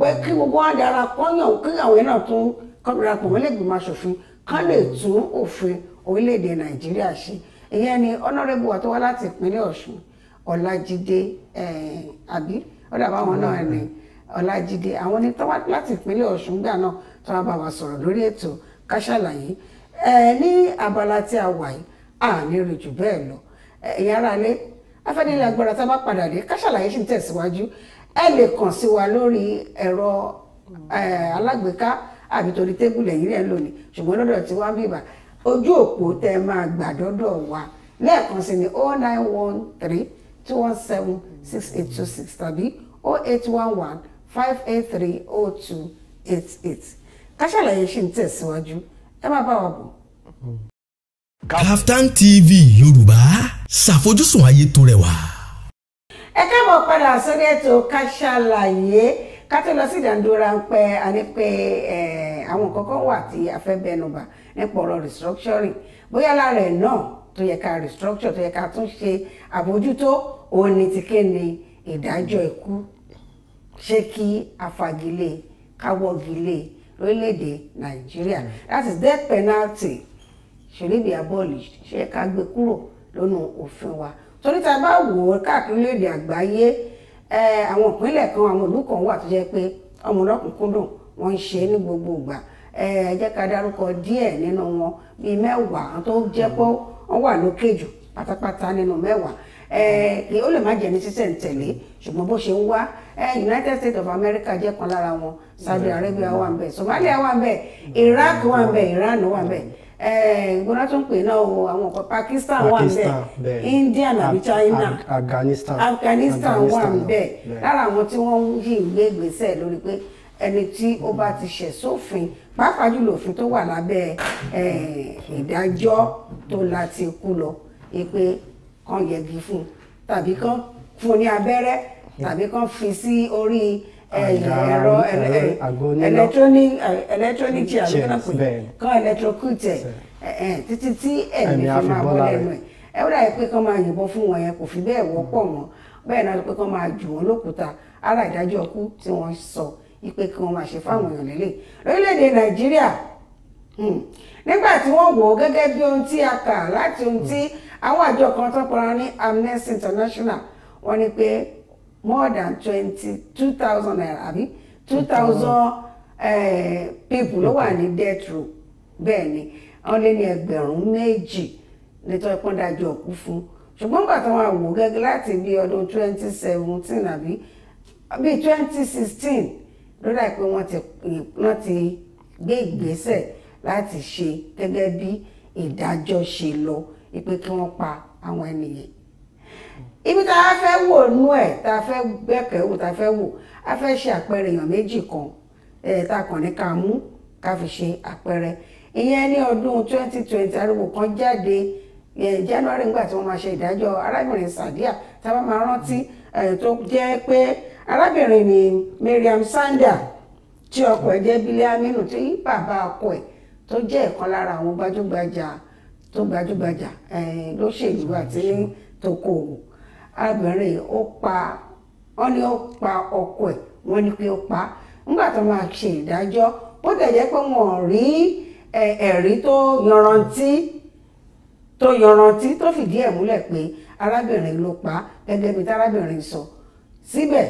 pé kí gbogbo wọn dára kọ́yàn kí àwọn náà tún kọ́ra pọ̀ wọ́n lè gbìmọ̀ aṣòfin kán lè tún òfin orílẹ̀-èdè nàìjíríà ṣe ìyẹn ni honourable wa tó wá láti ìpínlẹ̀ ọ̀ṣun ọ̀làjídé eh, àbí ọ̀dà báwọn náà ni ọ̀làjídé àwọn ni tó wá láti ìpínlẹ̀ ọ̀ṣun gbà náà tó wá bá wa sọ̀rọ̀ lórí ètò ká ṣàlàyé ẹ ní abala tí a wà yìí a ní rí jù bẹ́ẹ̀ lọ ẹ̀yin aráalé afẹ́nilé agbára tá a bá padà dé ká ṣàlàyé sì ń tẹ̀síwájú ẹ lè kàn sí wa lórí ẹ̀rọ alágbèéká àbí torí tébùlù ẹ̀yìn rẹ̀ lónìí ṣùgbọ́n lọ́dọ̀ tí wọ́n bíbà ojú òpó tẹ máa gbà dọ́dọ̀ wa lẹ́ẹ̀kan sí ni oh nine one three two one seven six eight two six tàbí oh eight one one five eight three oh two eight eight káṣàlàyé ṣì ń tẹ̀síwájú ẹ má bá wa bọ̀. Kaftan TV Yorùbá ṣàfojúsùn ayé tó rẹwà. ẹ káàbọ̀ padà sórí ètò káṣàlàyé ká tó lọ sí ìdàndó ráńpẹ́ àní pé àwọn nǹkan kan wà tí a fẹ́ bẹnubà nípa ọ̀rọ̀ restructuring bóyá lára ẹ̀ náà tó yẹ ká restructure tó yẹ ká tún ṣe àbójútó òun ni ti ké ni ìdájọ́ ikú ṣé kí afagilé káwọ́gilé lórílẹ̀‐èdè nàìjíríà hmm. that is death penalty should be abolished ṣé ká gbé kúrò lónú òfin wa torí tá a bá wò ó káàkiri lórílẹ̀‐èdè àgbáyé àwọn ìpínlẹ̀ kan àwọn ìlú kan wà tó jẹ́ pé ọmọ ọlọ́kùnkúndùn wọ́n ń ṣe ní gbogbo ìgbà ẹ jẹ́ ká dárúkọ díẹ̀ nínú wọn bíi mẹ́wàá tó jẹ́ pé wọ́n wà lókè jù pátápátá nínú mẹ́wàá ó lè má jẹ́ ní sísẹ̀ntẹ̀lé ṣùgbọ́n bó ṣe ń wá Eh, United States of America jẹ́ kan lára wọn Saudi Arabia wà ń Somalia wà ń Iraq wà ń Iran wà ń bẹ̀ gbọ́dọ̀ tó ń pè náà o àwọn ọ̀pọ̀ Pakistan wà ń bẹ̀ India àbí China Afghanistan wà ń bẹ̀ lára àwọn tí wọ́n yìí gbé ìgbésẹ̀ lórí pé ẹni tí ó bá ti ṣẹ̀ sófin pàápàá jùlọ òfin tó wà lábẹ́ eh, ìdájọ́ tó láti kú lọ pé kàn yẹgi fún tàbí kàn fún ní abẹ́rẹ́ tàbí kán fi sí orí eh, ẹ̀rọ electronic eh, electronic chair kán electrocute eh, títí tí ẹ̀mí fi máa bọ́ lẹ́nu ẹ̀ ẹ wúdà yìí pé kán máa yìnbọn fún wọn yẹn kò fi bẹ́ẹ̀ wọ́pọ̀ mọ́ bẹ́ẹ̀ náà pé kán máa jù wọ́n lókùúta ara ìdájọ́ ọkú tí wọ́n sọ ipe kí wọ́n máa ṣe fáwọn èèyàn lélẹ̀ lórílẹ̀‐èdè nàìjíríà hmm, nígbà tí wọ́n wò ó gẹ́gẹ́ bí ohun tí a kà láti ohun tí hmm. àwọn àjọ kan tó ní Amnesty International wọ́n ní pé more than twenty two thousand naira àbí two thousand eh, people ló wà ní death row bẹ́ẹ̀ ni wọ́n lé ní ẹgbẹ̀rún méjì nítorí pọ́n dájú òkú fún ṣùgbọ́n nígbà tó wọn wò gẹ́gẹ́ láti bí ọdún twenty seventeen àbí bí twenty sixteen ló dà pé wọ́n ti gbé ìgbésẹ̀ láti ṣe gẹ́gẹ́ bí ìdájọ́ ṣe lọ ìpè kí wọ́n pa àwọn ènìyàn ibi tá a fẹ́ wò nú ẹ̀ tá a fẹ́ gbẹ́kẹ̀ wò tá a fẹ́ wò a fẹ́ ṣe àpẹẹrẹ èèyàn méjì kan ẹ̀ tá a kàn ní ká mú ká fi ṣe àpẹẹrẹ ìyẹn ní ọdún 2020 ariwo kan jáde January nígbà tí wọ́n máa ṣe ìdájọ́ arábìnrin Sadiya tá a bá máa rántí tó jẹ́ pé arábìnrin ni Mariam Sanda tí ọkọ ẹ̀ jẹ́ Bílí Aminu tí bàbá ọkọ ẹ̀ tó jẹ́ ìkan lára àwọn gbajúgbajà tó gbajúgbajà lóṣèlú àti tòkòwò arábìnrin ó pa wọ́n ní ó pa ọkọ ẹ̀ wọ́n ní pé ó pa nígbà tó máa ṣe ìdájọ́ ó tẹ̀lé pé wọn rí ẹ̀rí tó yọrantí tó yanrantí tó fìdí ẹ̀ múlẹ̀ pé arábìnrin ló pa gẹ́gẹ́ bí tárábìnrin sọ síbẹ̀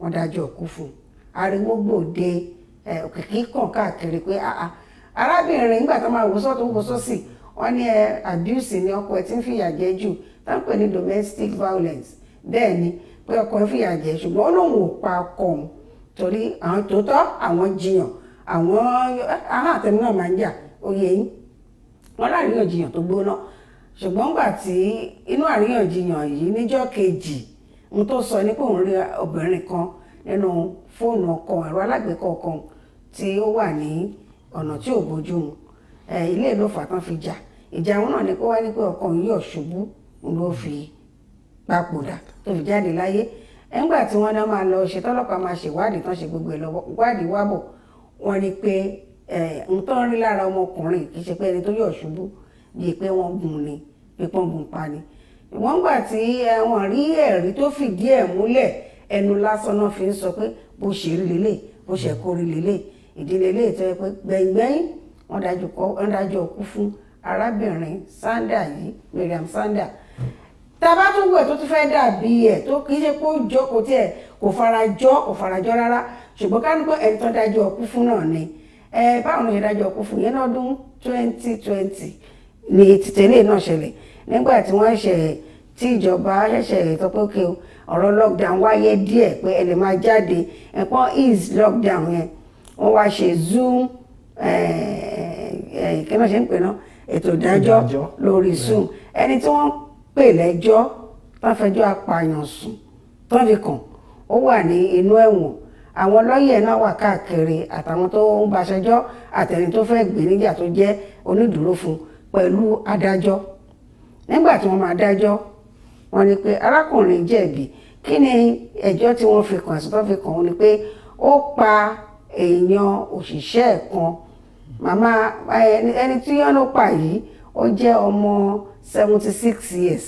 wọ́n dájọ́ òkú fún un ariwo gbòde òkìkí kàn káàkiri pé arábìnrin nígbà tó máa wò sọ́tún wò sósì wọ́n ní abuse ni ọkọ ẹ̀ tí ń fìyà jẹ jù táǹpẹ̀ ní domestic violence bẹ́ẹ̀ ni pé ọkọ ẹ̀ fìyà jẹ ṣùgbọ́n ó lóun ò pa ọkọ òun torí àwọn tó tọ́ àwọn jiyàn àwọn ahọ́n àtẹnu náà máa ń jà oyè yín wọ́n láàríyànjiyàn tó gbóná ṣùgbọ́n gbà tí inú àríyànjiyàn yìí níjọ́ kejì n tó sọ ni pé òun rí obìnrin kan nínú fóònù ọkọ ẹ̀rọ alágbèéká ọkọ tí ó wà ní ọ̀nà tí ò bójú mu ilé ló fà tán fi jà ìjà àwọn náà ni kó wá ní pé ọkọ yìí ọ̀ṣubú ló fi papòdà tó fi jáde láyé ẹ̀ńgbà tí wọ́n náà máa lọ ṣe tọ́lọ́pàá máa ṣèwádìí tán ṣe gbogbo ẹ̀ lọ́wọ́ wádìí wá bọ̀ wọ́n pé n tó ń rí lára ọmọkùnrin kì í ṣe pé ẹni tó yọ̀ ṣubú di pé wọ́n gún ni pé wọ́n gún pa ni wọ́n gbà tí wọ́n rí ẹ̀rí tó fìdí ẹ̀ múlẹ̀ ẹnu lásán náà fi ń sọ pé bó ṣe rí lélẹ̀ bó ṣe kó lélẹ̀ ìdílé lè tọ́ ẹ pé gbẹ̀ngbẹ̀yìn wọ́n dájọ́ òkú fún arábìnrin Sanda yìí Mariam Sanda tá a bá tún wẹ̀ tó tún fẹ́ dàbí ẹ̀ tó kì í ṣe pé ó jọ kò tiẹ̀ kò fara jọ kò fara jọ rárá ṣùgbọ́n ká ní pé ẹni tó dájọ́ ọkú fún náà ni ẹ báwọn ló ṣe dájọ́ ọkú fún yẹn lọ́dún twenty twenty ni títẹ̀lé náà ṣẹlẹ̀ nígbà tí wọ́n ṣe tí ìjọba ṣẹ̀ṣẹ̀ sọ pé kí ọ̀rọ̀ lockdown wáyé díẹ̀ pé ẹ lè máa jáde ẹ̀pọ́n is lockdown yẹn wọ́n wá ṣe zoom kí náà ṣe ń pè náà ètò ìdájọ́ lórí zoom ẹni tí wọ́n pè lẹ́jọ́ tó fẹjọ́ apààyàn sùn tó fi kàn ó wà ní inú ẹ̀wọ̀n àwọn lọ́yẹ̀ náà wà káàkiri àtàwọn tó ń baṣẹjọ́ àtẹni tó fẹ́ gbé níjà tó jẹ́ onídùúró fún pẹ̀lú adájọ́ nígbà tí wọ́n máa dájọ́ wọ́n ní pé arákùnrin jẹ̀bi kí ni ẹjọ́ tí wọ́n fi kàn sí tó fi kàn ó ní pé ó pa èèyàn òṣìṣẹ́ kan màmá ẹni tí yọ́n ló pa yìí ó jẹ́ ọmọ seventy six years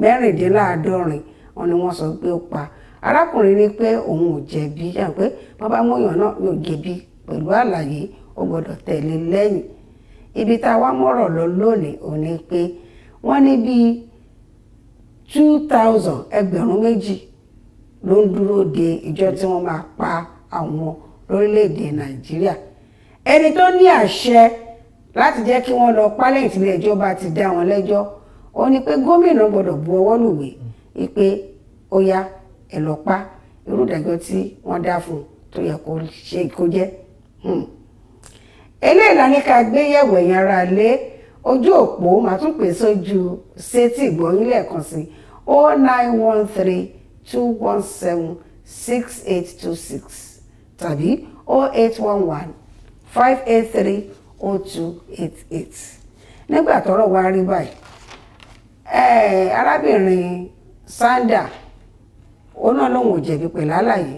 mẹ́rìndínláàádọ́rin wọn ni wọ́n sọ pé ó pa arákùnrin ní pé òun ò jẹ̀bi yàn pé wọ́n bá múyàn náà yóò jẹ̀bi pẹ̀lú àlàyé ó gbọ́dọ̀ tẹ̀lé lẹ́yìn ibi tá a wá mọ̀rọ̀ lọ lónìí ò ní pé wọ́n ní bíi two thousand ẹgbẹ̀rún méjì ló ń dúró de ìjọ tí wọ́n máa pa àwọn lórílẹ̀‐èdè nàìjíríà ẹni tó ní àṣẹ láti jẹ́ kí wọ́n lọ pálẹ̀ ìtìlẹ̀ ìjọba ti dá wọn lẹ́jọ́ ó ní pé gómìnà gbọ́dọ̀ bu ọwọ́ lùwé ipe ó yá ẹ̀ lọ pa irú ìdájọ́ tí wọ́n dá fún un tó yẹ kó ṣe kó jẹ́. Hmm. eléyìí la ní ká gbé yẹ̀wò ẹ̀yìn ara lé ojú òpó màá tún pè sójú sétí ìgbọ̀nyìn lẹ́ẹ̀kan sí o oh nine one three two one seven six eight two six tàbí o oh eight one one five eight three. 0288 nígbà tọ́rọ̀ wá rí báyìí arábìnrin Sanda òun náà lòun ò jẹ̀bi pẹ̀lú àlàyé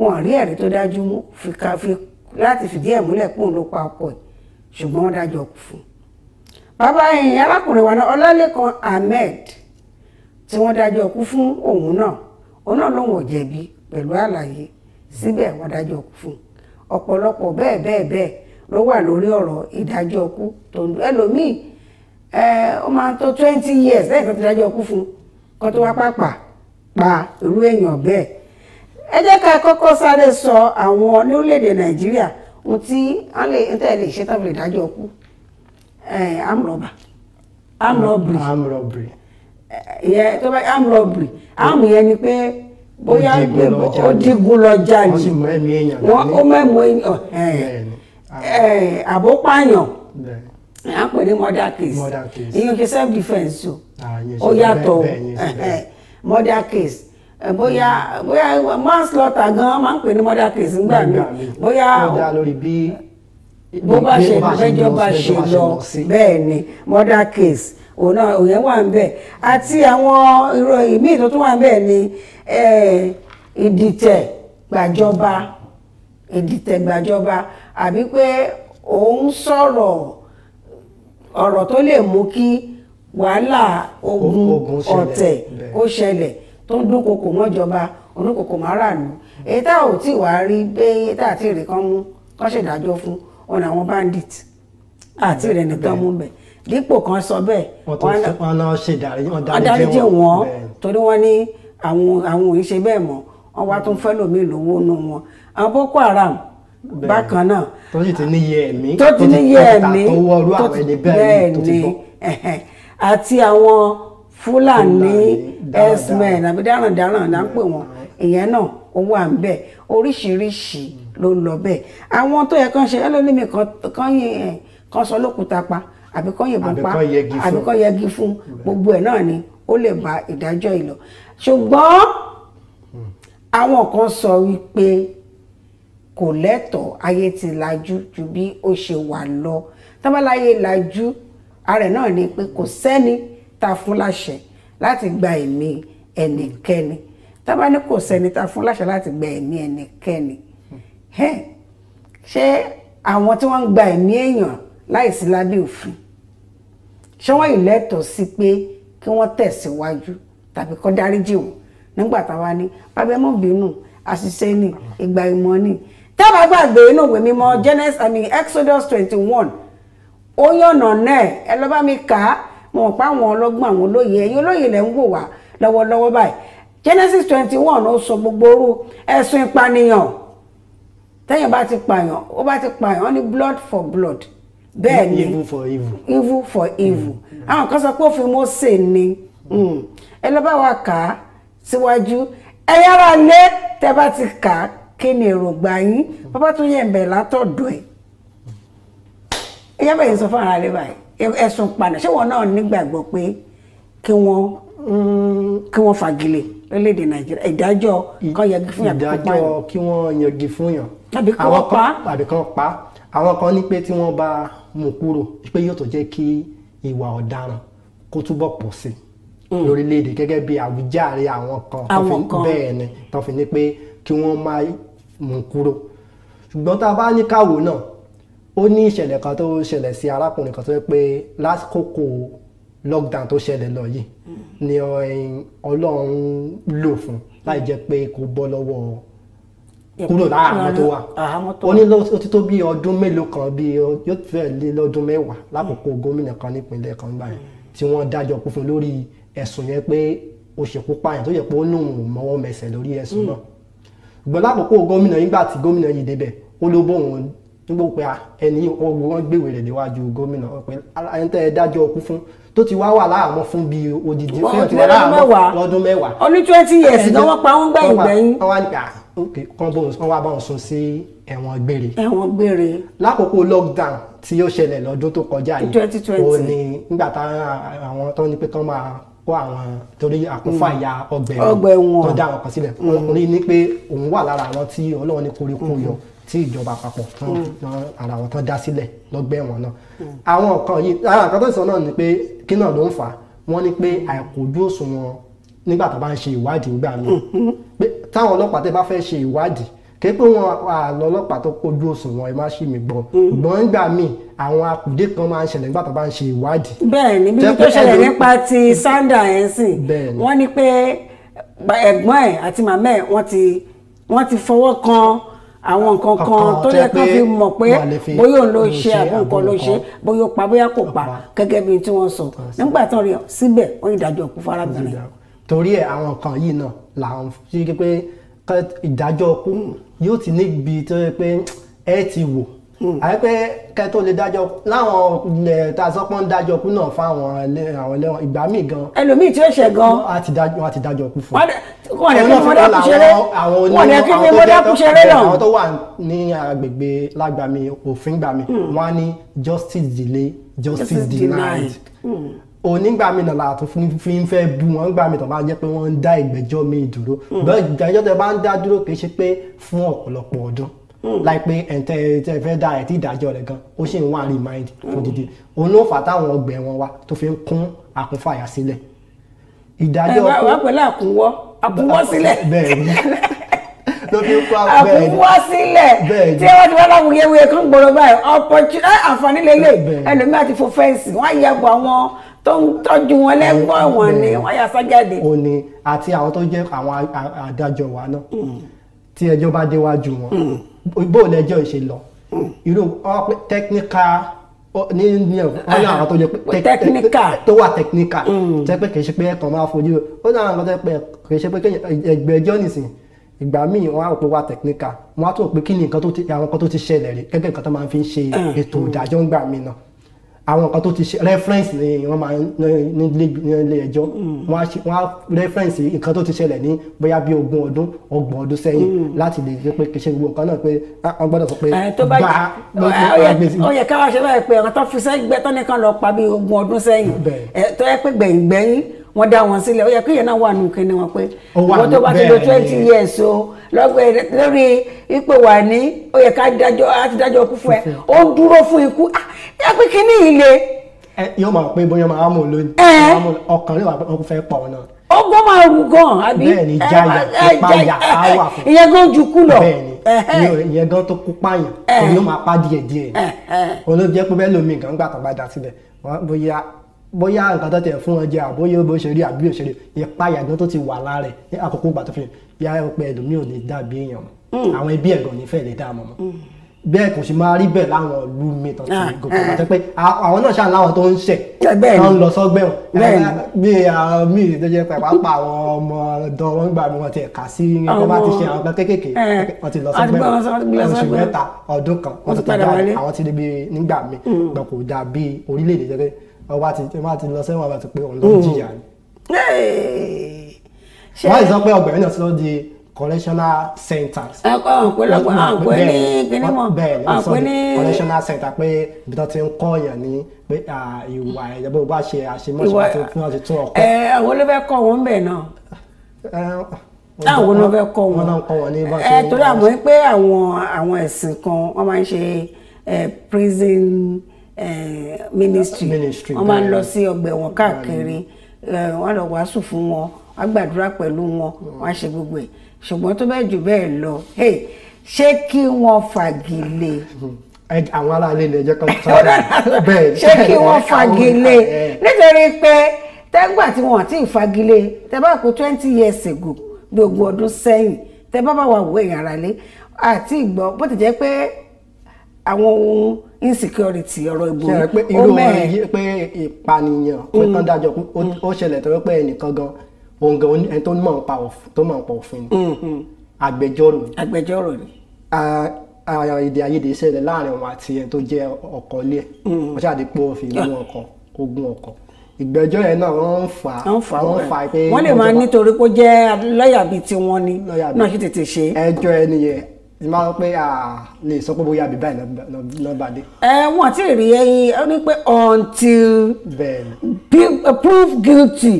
wọn rí ẹ̀rí tó dájú mú láti fìdí ẹ̀ múlẹ̀ pòun ló pa ọkọ ẹ̀ ṣùgbọ́n wọ́n dájọ́ kù fún un bàbá ẹ̀yìn arákùnrin wa náà Ọlálékan Ahmed tí wọ́n dájọ́ kú fún òun náà òun náà lòun ò jẹ̀bi pẹ̀lú àlàyé síbẹ̀ wọ́n dájọ́ kú fún ọ̀pọ̀lọpọ̀ bẹ́ẹ̀ bẹ́ẹ̀ bẹ́ẹ̀ ló wà lórí ọ̀rọ̀ ìdájọ́ ọkú tó ń ẹlòmíì ẹ ó máa tó twenty years lẹ́yìn tó ti dájọ́ ọkú fún kan tó wá pàpà pa irú èèyàn bẹ́ẹ̀ ẹ jẹ́ ká kọ́kọ́ sáré sọ àwọn ní orílẹ̀-èdè nàìjíríà ohun tí wọ́n lè ń tẹ̀lé ṣe tán lè dájọ́ ọkú amrọ̀bà amrọ̀bìrì amrọ̀bìrì ìyẹn tó bá amrọ̀bìrì amù yẹn ni pé bóyá ó digun lọ jalè wọ́n ó mẹ́mọ́ èèyàn Eh, àbó pààyàn à ń pè ní murder case ìyẹn kì self defence o ó yàtọ̀ murder case eh, bóyá bóyá manslaughter gan máa ń pè ní murder case nígbà mi bóyá bó bá ṣe bẹ́jọ́ bá ṣe lọ bẹ́ẹ̀ ni murder case òun náà òyìn wà ń bẹ àti àwọn ìròyìn míì tó tún wà ń bẹ ni eh, ìdìtẹ̀ gbàjọba ìdìtẹ̀ gbàjọba àbí pé òun sọ̀rọ̀ ọ̀rọ̀ tó lè mú kí wàhálà ogun ọ̀tẹ̀ kó ṣẹlẹ̀ tó ń dúnkokò mọ́jọba oníkòkò márààlú èyí tá ò tí wàá rí bẹ́ẹ̀ tá àti èrè kan mú kán ṣèdájọ́ fún ọ̀nà àwọn bandit àti ìrẹ̀ nìkan mú bẹ̀ dípò kan sọ bẹ́ẹ̀ wọ́n náà ṣèdáríjì wọn torí wọ́n ní àwọn òun ṣe bẹ́ẹ̀ mọ́ wọ́n wá tún fẹ́ lòmíì lówó nù wọn àwọn Boko Haram bákan náà. tó sì ti níye ẹ̀mí tó ti níye ẹ̀mí tó wọ ọdún àwọn ẹni bẹ́ẹ̀ ni tó ti gbọ́. àti àwọn fúlàní x-men àbí darandaran là ń pè wọ́n ìyẹn náà ó wà ń bẹ̀ oríṣiríṣi ló lọ bẹ́ẹ̀ àwọn tó yẹ kán ṣe ẹlẹ́lẹ́mì kan yẹn kan sọ lókùúta pa àbí kan yìnbọn pa àbí kan yẹgi fún gbogbo ẹ̀ náà ni ó lè ba ìdájọ́ ìlọ ṣùgbọ́n hmm. àwọn kan sọ wípé kò lẹ́tọ̀ọ́ ayé ti lajú ju bí ó ṣe wà lọ tábàláyé lajú ààrẹ náà ni pé kò sẹ́ni ta fún láṣẹ láti gba ẹ̀mí ẹnikẹ́ni tábà ní kò sẹ́ni ta fún láṣẹ láti gba ẹ̀mí ẹnikẹ́ni ṣé àwọn tí wọ́n ń gba ẹ̀mí èèyàn láìsí lábẹ́ òfin ṣé wọ́n yìí lẹ́tọ̀ọ́ sí pé kí wọ́n tẹ̀síwájú tàbí kọ́ dáríjì wọn nígbà táwa ní bàbá ẹ bínú àṣìṣe ní ìgbà ìmọ̀ ní tẹ́ẹ̀bá gbàgbé inú ìwé mímọ́ Genesis I mean Exodus twenty one ó yànnà náà ẹ lọ́ bá mi kà á mo mọ̀ pé àwọn ọlọ́gbọ́n àwọn olóye ẹ̀yin olóye lẹ̀ ń wò wá lọ́wọ́lọ́wọ́ báyìí Genesis twenty one ó sọ gbogbo orú ẹ̀sùn ìpànìyàn tẹ́yìn bá ti pààyàn ó bá ti pààyàn ó blood for blood bẹ́ẹ̀ ni evil for evil evil for evil àwọn kan sọ pé ó fi Mósè ni hmm. ẹ lọ́ bá wa kà á síwájú ẹ̀yára lé tẹ́ bá ti kà á kí ni èròǹgbà yín Babátúndé Ẹ̀mbẹ̀ látọ̀dọ̀ ẹ̀ ẹ yá bẹ̀yìn sọ fún ara rẹ báyìí ẹ̀sùn padà ṣé wọn náà nígbàgbọ́ pé kí wọ́n mm, kí wọ́n fagilé lórílẹ̀‐èdè Nàìjíríà ìdájọ́ kan yẹgi fún yàn kó pa yàn. ìdájọ́ kí wọ́n yẹgi fún yàn. àbí kí wọ́n pa. àbí kí wọ́n pa àwọn kan ní pé tí wọ́n bá mú kúrò pé yóò tó jẹ́ kí ìwà ọ̀daràn kó túbọ̀ pọ̀ sí i mm. lórílẹ̀‐èdè gẹ́gẹ́ bí àwíjàre àwọn kan tó fi bẹ́ẹ̀ ni tó fi ní pé kí wọ́n máa mú kúrò ṣùgbọ́n tá a bá ní káwò náà ó ní ìṣẹ̀lẹ̀ kan tó ṣẹlẹ̀ sí arákùnrin kan tó yẹ pé lásìkò lockdown tó ṣẹlẹ̀ lọ yìí ni ọlọ́run lò fún láì jẹ́ pé kò bọ́ lọ́wọ́ kúrò láàmú tó wà ó ní ó ti tó bí ọdún mélòó kan bí yóò fẹ́ lé lọ́dún mẹ́wàá lákòókò gómìnà kan nípínlẹ̀ kan gbà yẹn tí wọ́n dájọ́ kú fún lórí ẹ̀sùn yẹn pé ó ṣekú pààyàn tó yẹ pé ó lóun mọ́wọ́ mẹsẹ̀ lórí ẹ̀sùn náà ṣùgbọ́n lákòókò gómìnà nígbà tí gómìnà yìí débẹ̀ ó ló bóun nígbà pé ah, ẹni wọ́n gbèwé rẹ̀ déwájú gómìnà pé ah, ẹni tẹ́ ẹ dájọ́ ọkú fún tó ti wá wà láàmú fún bíi odidi fún ọtí wà láàmú lọ́dún mẹ́wàá. ó ní twenty years ni wọ́n pa ń gbẹ̀yìn gbẹ̀yìn. wọ́n wá ní ká ah, okay kan bóun wọ́n wá báwọn sùn sí ẹ̀wọ̀n gbére. ẹ̀wọ̀n gbére. lákòókò lockdown tí ó ṣẹlẹ̀ lọ́dún tó kọjá yìí. twenty twenty. ó ní nígbà táwọn tó ní pé kán máa kó àwọn torí àkúnfà mm. ìyá ọgbẹ ẹ̀wọ̀n tó dá àwọn kan sílẹ̀ rí mm. ni pé òun wà lára àwọn tí Ọlọ́run ní koríko mm-hmm. yọ tí ìjọba àpapọ̀ tán mm. ara àwọn tán dá sílẹ̀ lọ́gbẹ́ ẹ̀wọ̀n náà àwọn kan yìí ara àkọ́tọ́ ìsọ náà ni pé kí náà ló ń fà á wọ́n pé àìkójú òṣùwọ̀n nígbà tó bá ń ṣe ìwádìí nígbà míì mm-hmm. táwọn ọlọ́pàá tẹ bá fẹ́ ṣe ìwádìí kí pé wọn àlọ́lọ́pàá tó kójú òṣùwọ̀n ẹ má ṣì mí gbọ́ mm. ṣùgbọ́n nígbà míì àwọn akùdé kan máa ń ṣẹlẹ̀ nígbà tó bá ń ṣe ìwádìí. bẹ́ẹ̀ ni bíbí tó ṣẹlẹ̀ nípa ti Sandra hensin wọ́n ní pé ẹ̀gbọ́n ẹ̀ àti màmá ẹ̀ wọ́n ti wọ́n ti fọwọ́ kan àwọn nǹkan kan tó yẹ kán fi mọ̀ pé bóyá òun ló ṣe àbí nǹkan ló ṣe bóyá ó pa bóyá kò pa gẹ́gẹ́ bí tí wọ́n sọ nígbà tán rí síbẹ̀ wọ́n ìdájọ́ òkú farabirin. torí ẹ àwọn kan yìí náà làwọn fi pé ìdájọ́ ọkú yóò ti níbi tó yẹ pé ẹ ti wò hmm. àìpẹ́ kẹ́tọ́ lè dájọ́ láwọn ilẹ̀ tá a sọ pé ń dájọ́ ọkú náà fáwọn àwọn ẹlẹ́wọ̀n ìgbà míì gan. ẹlòmíì tí ó ṣe gan. wọ́n á ti dájọ́ ọkú fún un. wọ́n ní kí mọ́dá kú ṣeré wọ́n àwọn tó wà ní agbègbè lágbàmí òfin gbàmí hmm. wọ́n á ní justice delay justice denied. Hmm onígbà mi nàlá tó fi ń fẹ́ bu wọn gbà mí tó bá jẹ́ pé wọ́n ń dá ìgbẹ́jọ́ mi dúró hmm. bẹ́ẹ̀ ìgbẹ́jọ́ tẹ bá ń dá dúró kì í ṣe pé fún ọ̀pọ̀lọpọ̀ ọdún hmm. láìpẹ́ ẹ̀ǹtẹ̀ tẹ fẹ́ dá ẹ̀ tí ìdájọ́ rẹ̀ gan ó sì ń wá remind fún hmm. òun ló fà táwọn ọgbẹ̀ wọn wa tó fi ń kún àkúnfàyà sílẹ̀ ìdájọ́ kó wà sílẹ̀ tí wọ́n ti wá láwọn yẹwé kan gbọ́dọ̀ báyìí ọ̀pọ̀ àǹfààní lélẹ̀ ẹlòmíràn ti fo fẹ́ǹsì wọ́n á yẹ bọ̀ àwọn tó ń tọ́jú wọn lẹ́gbọ́n wọn ni wọ́n yà sá jáde. ó ní àti àwọn tó jẹ́ àwọn adájọ́ wa náà hmm. tí ẹjọ́ bá déwájú wọn hmm. bó lẹ́jọ́ ìṣe lọ hmm. irú technical ní ní ọ̀nà àwọn tó jẹ́ tẹkiníkà tó wà tẹkiníkà jẹ́ pé kì í ṣe pé ẹ̀tàn máa fojú ó náà àwọn tó jẹ́ pé kì í ṣe pé ẹgbẹ́ ẹjọ́ nìsín ìgbà míì wọn á rò pé wà tẹkiníkà wọn á tó pé kí ni àwọn nǹkan tó ti ṣẹlẹ̀ rí gẹ́gẹ́ nǹkan tó máa fi ń ṣe ètò ìdájọ́ ń gbà mí náà àwọn nǹkan tó ti ṣe reference ni wọ́n máa ní ilé ẹjọ́ mm. wọ́n á reference nǹkan tó ti ṣẹlẹ̀ ní bóyá bí ogún ọdún ọgbọ̀n ọdún sẹ́yìn mm. láti lè fi pé kì í ṣe gbogbo nǹkan náà pé ah, wọ́n gbọ́dọ̀ sọ pé gbà ó yẹ káwá ṣe báyìí pé ọ̀rọ̀ tó fi sẹ́gbẹ́ tó nìkan lọ pa bí ogún ọdún sẹ́yìn tó yẹ pé gbẹ̀yìn gbẹ̀yìn wọ́n dá wọn sílẹ̀ ó yẹ kí ìyẹn náà wà nù ni wọ́n pé wọ́n tó bá ti lo twenty years o lọ́gbẹ́ lórí ipò wà ní ó yẹ ká dájọ́ á ti dájọ́ kú fún ẹ ó dúró fún ikú ah, ẹ pé kí ni ìle. ẹ yóò máa pé bóyá máa mú lónìí ọkàn rẹ wà pé wọn fẹ́ pọ̀ náà. ọgbọ́n máa rú gan-an àbí bẹ́ẹ̀ni jáyà ìpayà á wà fún ìyẹn gan ju kú lọ bẹ́ẹ̀ni ìyẹn gan tó kú pààyàn òun ló máa pa díẹ̀díẹ̀ òun ló jẹ́ pé bẹ́ẹ̀ lómi gan gbà tó bá dá síbẹ̀ bóyá bóyá nǹkan tó tẹ̀ fún ọ jẹ àbóyá bó ṣe rí àbí òṣèré ìpayà gan tó ti wà lára ẹ ní àkókò gbà tó fi yá ọpẹ ẹlòmíì ò ní dàbí èèyàn mọ́ mm. àwọn ẹbí ẹ̀gàn nífẹ̀ẹ́ lè dá mọ́ mọ́ mm. bẹ́ẹ̀ kò sì máa rí bẹ́ẹ̀ láwọn ìlú mi tán ti ah, gòkè ah. àti pé àwọn náà ṣáà láwọn tó ń ṣẹ̀ eh, tó ń lọ sọ́gbẹ̀wọ̀n bí àwọn míì tó jẹ́ pàpà pa àwọn ọmọ ọ̀dọ́ wọn gbà mí wọn ti ẹ̀ka sí ẹgbẹ́ bá ti ṣe àwọn kan eh, wọn ti lọ sọ́gbẹ̀wọ̀n oṣù mẹ́ta ọdún kan wọn ti tọ́jú àwọn ti rí bí nígbà mi gbọ̀n mm. kò dà bí ọba ti ẹ má ti lọ sẹ́wọ̀n ọba ti pé òun ló ń mm. jìyà ni. wọ́n ti sọ pé ọgbẹ̀rin náà ti lọ di correctional center. ẹ̀kọ́ ọ̀pẹ̀lọpọ̀ àpẹ ní gínímọ̀ àpẹ ní. correctional center pé ibi tó ti ń kọ́ èèyàn ní pé ìwà ẹ̀jẹ̀ bó bá ṣe àṣemọ́ṣe àti fún ọ̀sẹ̀ tún ọkọ. ẹ àwọn ló fẹ́ kọ́ wọn bẹ̀ náà. táwọn ló fẹ́ kọ́ wọn. ẹ torí àmọ́ pé àwọn àwọn ẹ̀sìn kan wọ́n máa ń ṣe prison Eh, ministry wọ́n máa ń lọ sí ọgbà ẹ̀wọ̀n káàkiri eh, wọ́n lọ wàásù fún wọn wọ́n gbàdúrà pẹ̀lú wọn wọ́n á ṣe gbogbo ẹ̀ ṣùgbọ́n tó bẹ́ẹ̀ jù bẹ́ẹ̀ lọ ṣé kí wọ́n fagilé àwọn aráalé ilẹ̀ jẹ́ kan sáré bẹ́ẹ̀ ṣé kí wọ́n fagilé nítorí pé tẹ́gbà tí wọ́n ti fagilé tẹ́ bá kó twenty years ago bí ogún ọdún sẹ́yìn tẹ́ bá bá wà wọ èèyàn lé àti ìgbọ́ bó ti jẹ́ pé àwọn ohun insecurity ọ̀rọ̀ ìgboro ó mẹ́ẹ̀. pé ìpànìyàn pé tán dájọ́ ó ṣẹlẹ̀ tó pé ẹnìkan gan òun gan ẹni tó mọ̀ pa òfin ni mm-hmm. agbẹjọ́rò ni. agbẹjọ́rò ni. èdè àìyedè ṣẹlẹ̀ láàrin òun àti ẹni tó jẹ́ ọkọ ilé mm-hmm. wọ́n ṣáà di pé ó fi mú ọkọ ó gún ọkọ ìgbẹ́jọ́ yẹn náà wọ́n ń fà á wọ́n ń fà á pé. wọ́n lè máa nítorí pé ó jẹ́ lọ́ọ̀yà bíi tiwọn ni náà ṣe tètè ṣe. ẹjọ́ ẹni yẹn ni máa ń pé a ah, lè sọ pé bóyá àbí báyìí lọ́bàdé. ẹ wọn àti èrè ẹyin ó ní pé until uh, prove guilty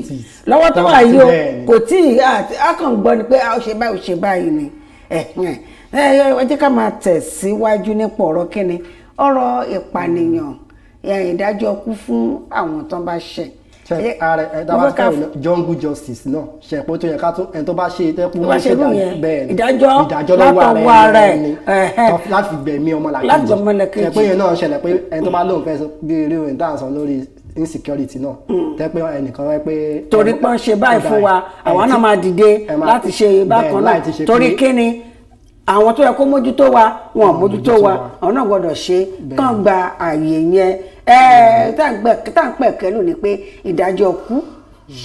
lọ́wọ́ tó wà yìí o kò tí ì àkàngbọ́n ni pé a ah, ó ṣe báyìí ó ṣe báyìí ni ẹ ẹ jẹ́ ká máa tẹ̀síwájú nípa ọ̀rọ̀ kíni ọ̀rọ̀ ìpànìyàn ìdájọ́ kú fún àwọn tó bá ṣẹ̀ ṣe eh, ààrẹ eh, ẹdáwà kẹrin jungle justice náà ṣe pé tó yẹ ká tó ẹni tó bá ṣe tẹkùn wọn ṣe bẹ́ẹ̀ ni ìdájọ́ ìdájọ́ lọ́wọ́ ara ẹ ni láti gbẹ̀mí ọmọlàkejì ṣe pé yẹn náà ṣẹlẹ̀ pé ẹni tó bá lóun fẹ́ mm. bí eré òyìn dáhùn lórí insecurity náà mm. tẹ pé ẹnìkan rẹ pé. torí pé ń ṣe báyìí fún wa àwa náà máa dìde láti ṣe bákan náà torí kí ni àwọn tó yẹ kó mójútó wa wọn mm, mójútó wa àwọn náà gbọ́dọ̀ Eh, tá à ń pẹ̀ kẹ́lù ni pé ìdájọ́ kú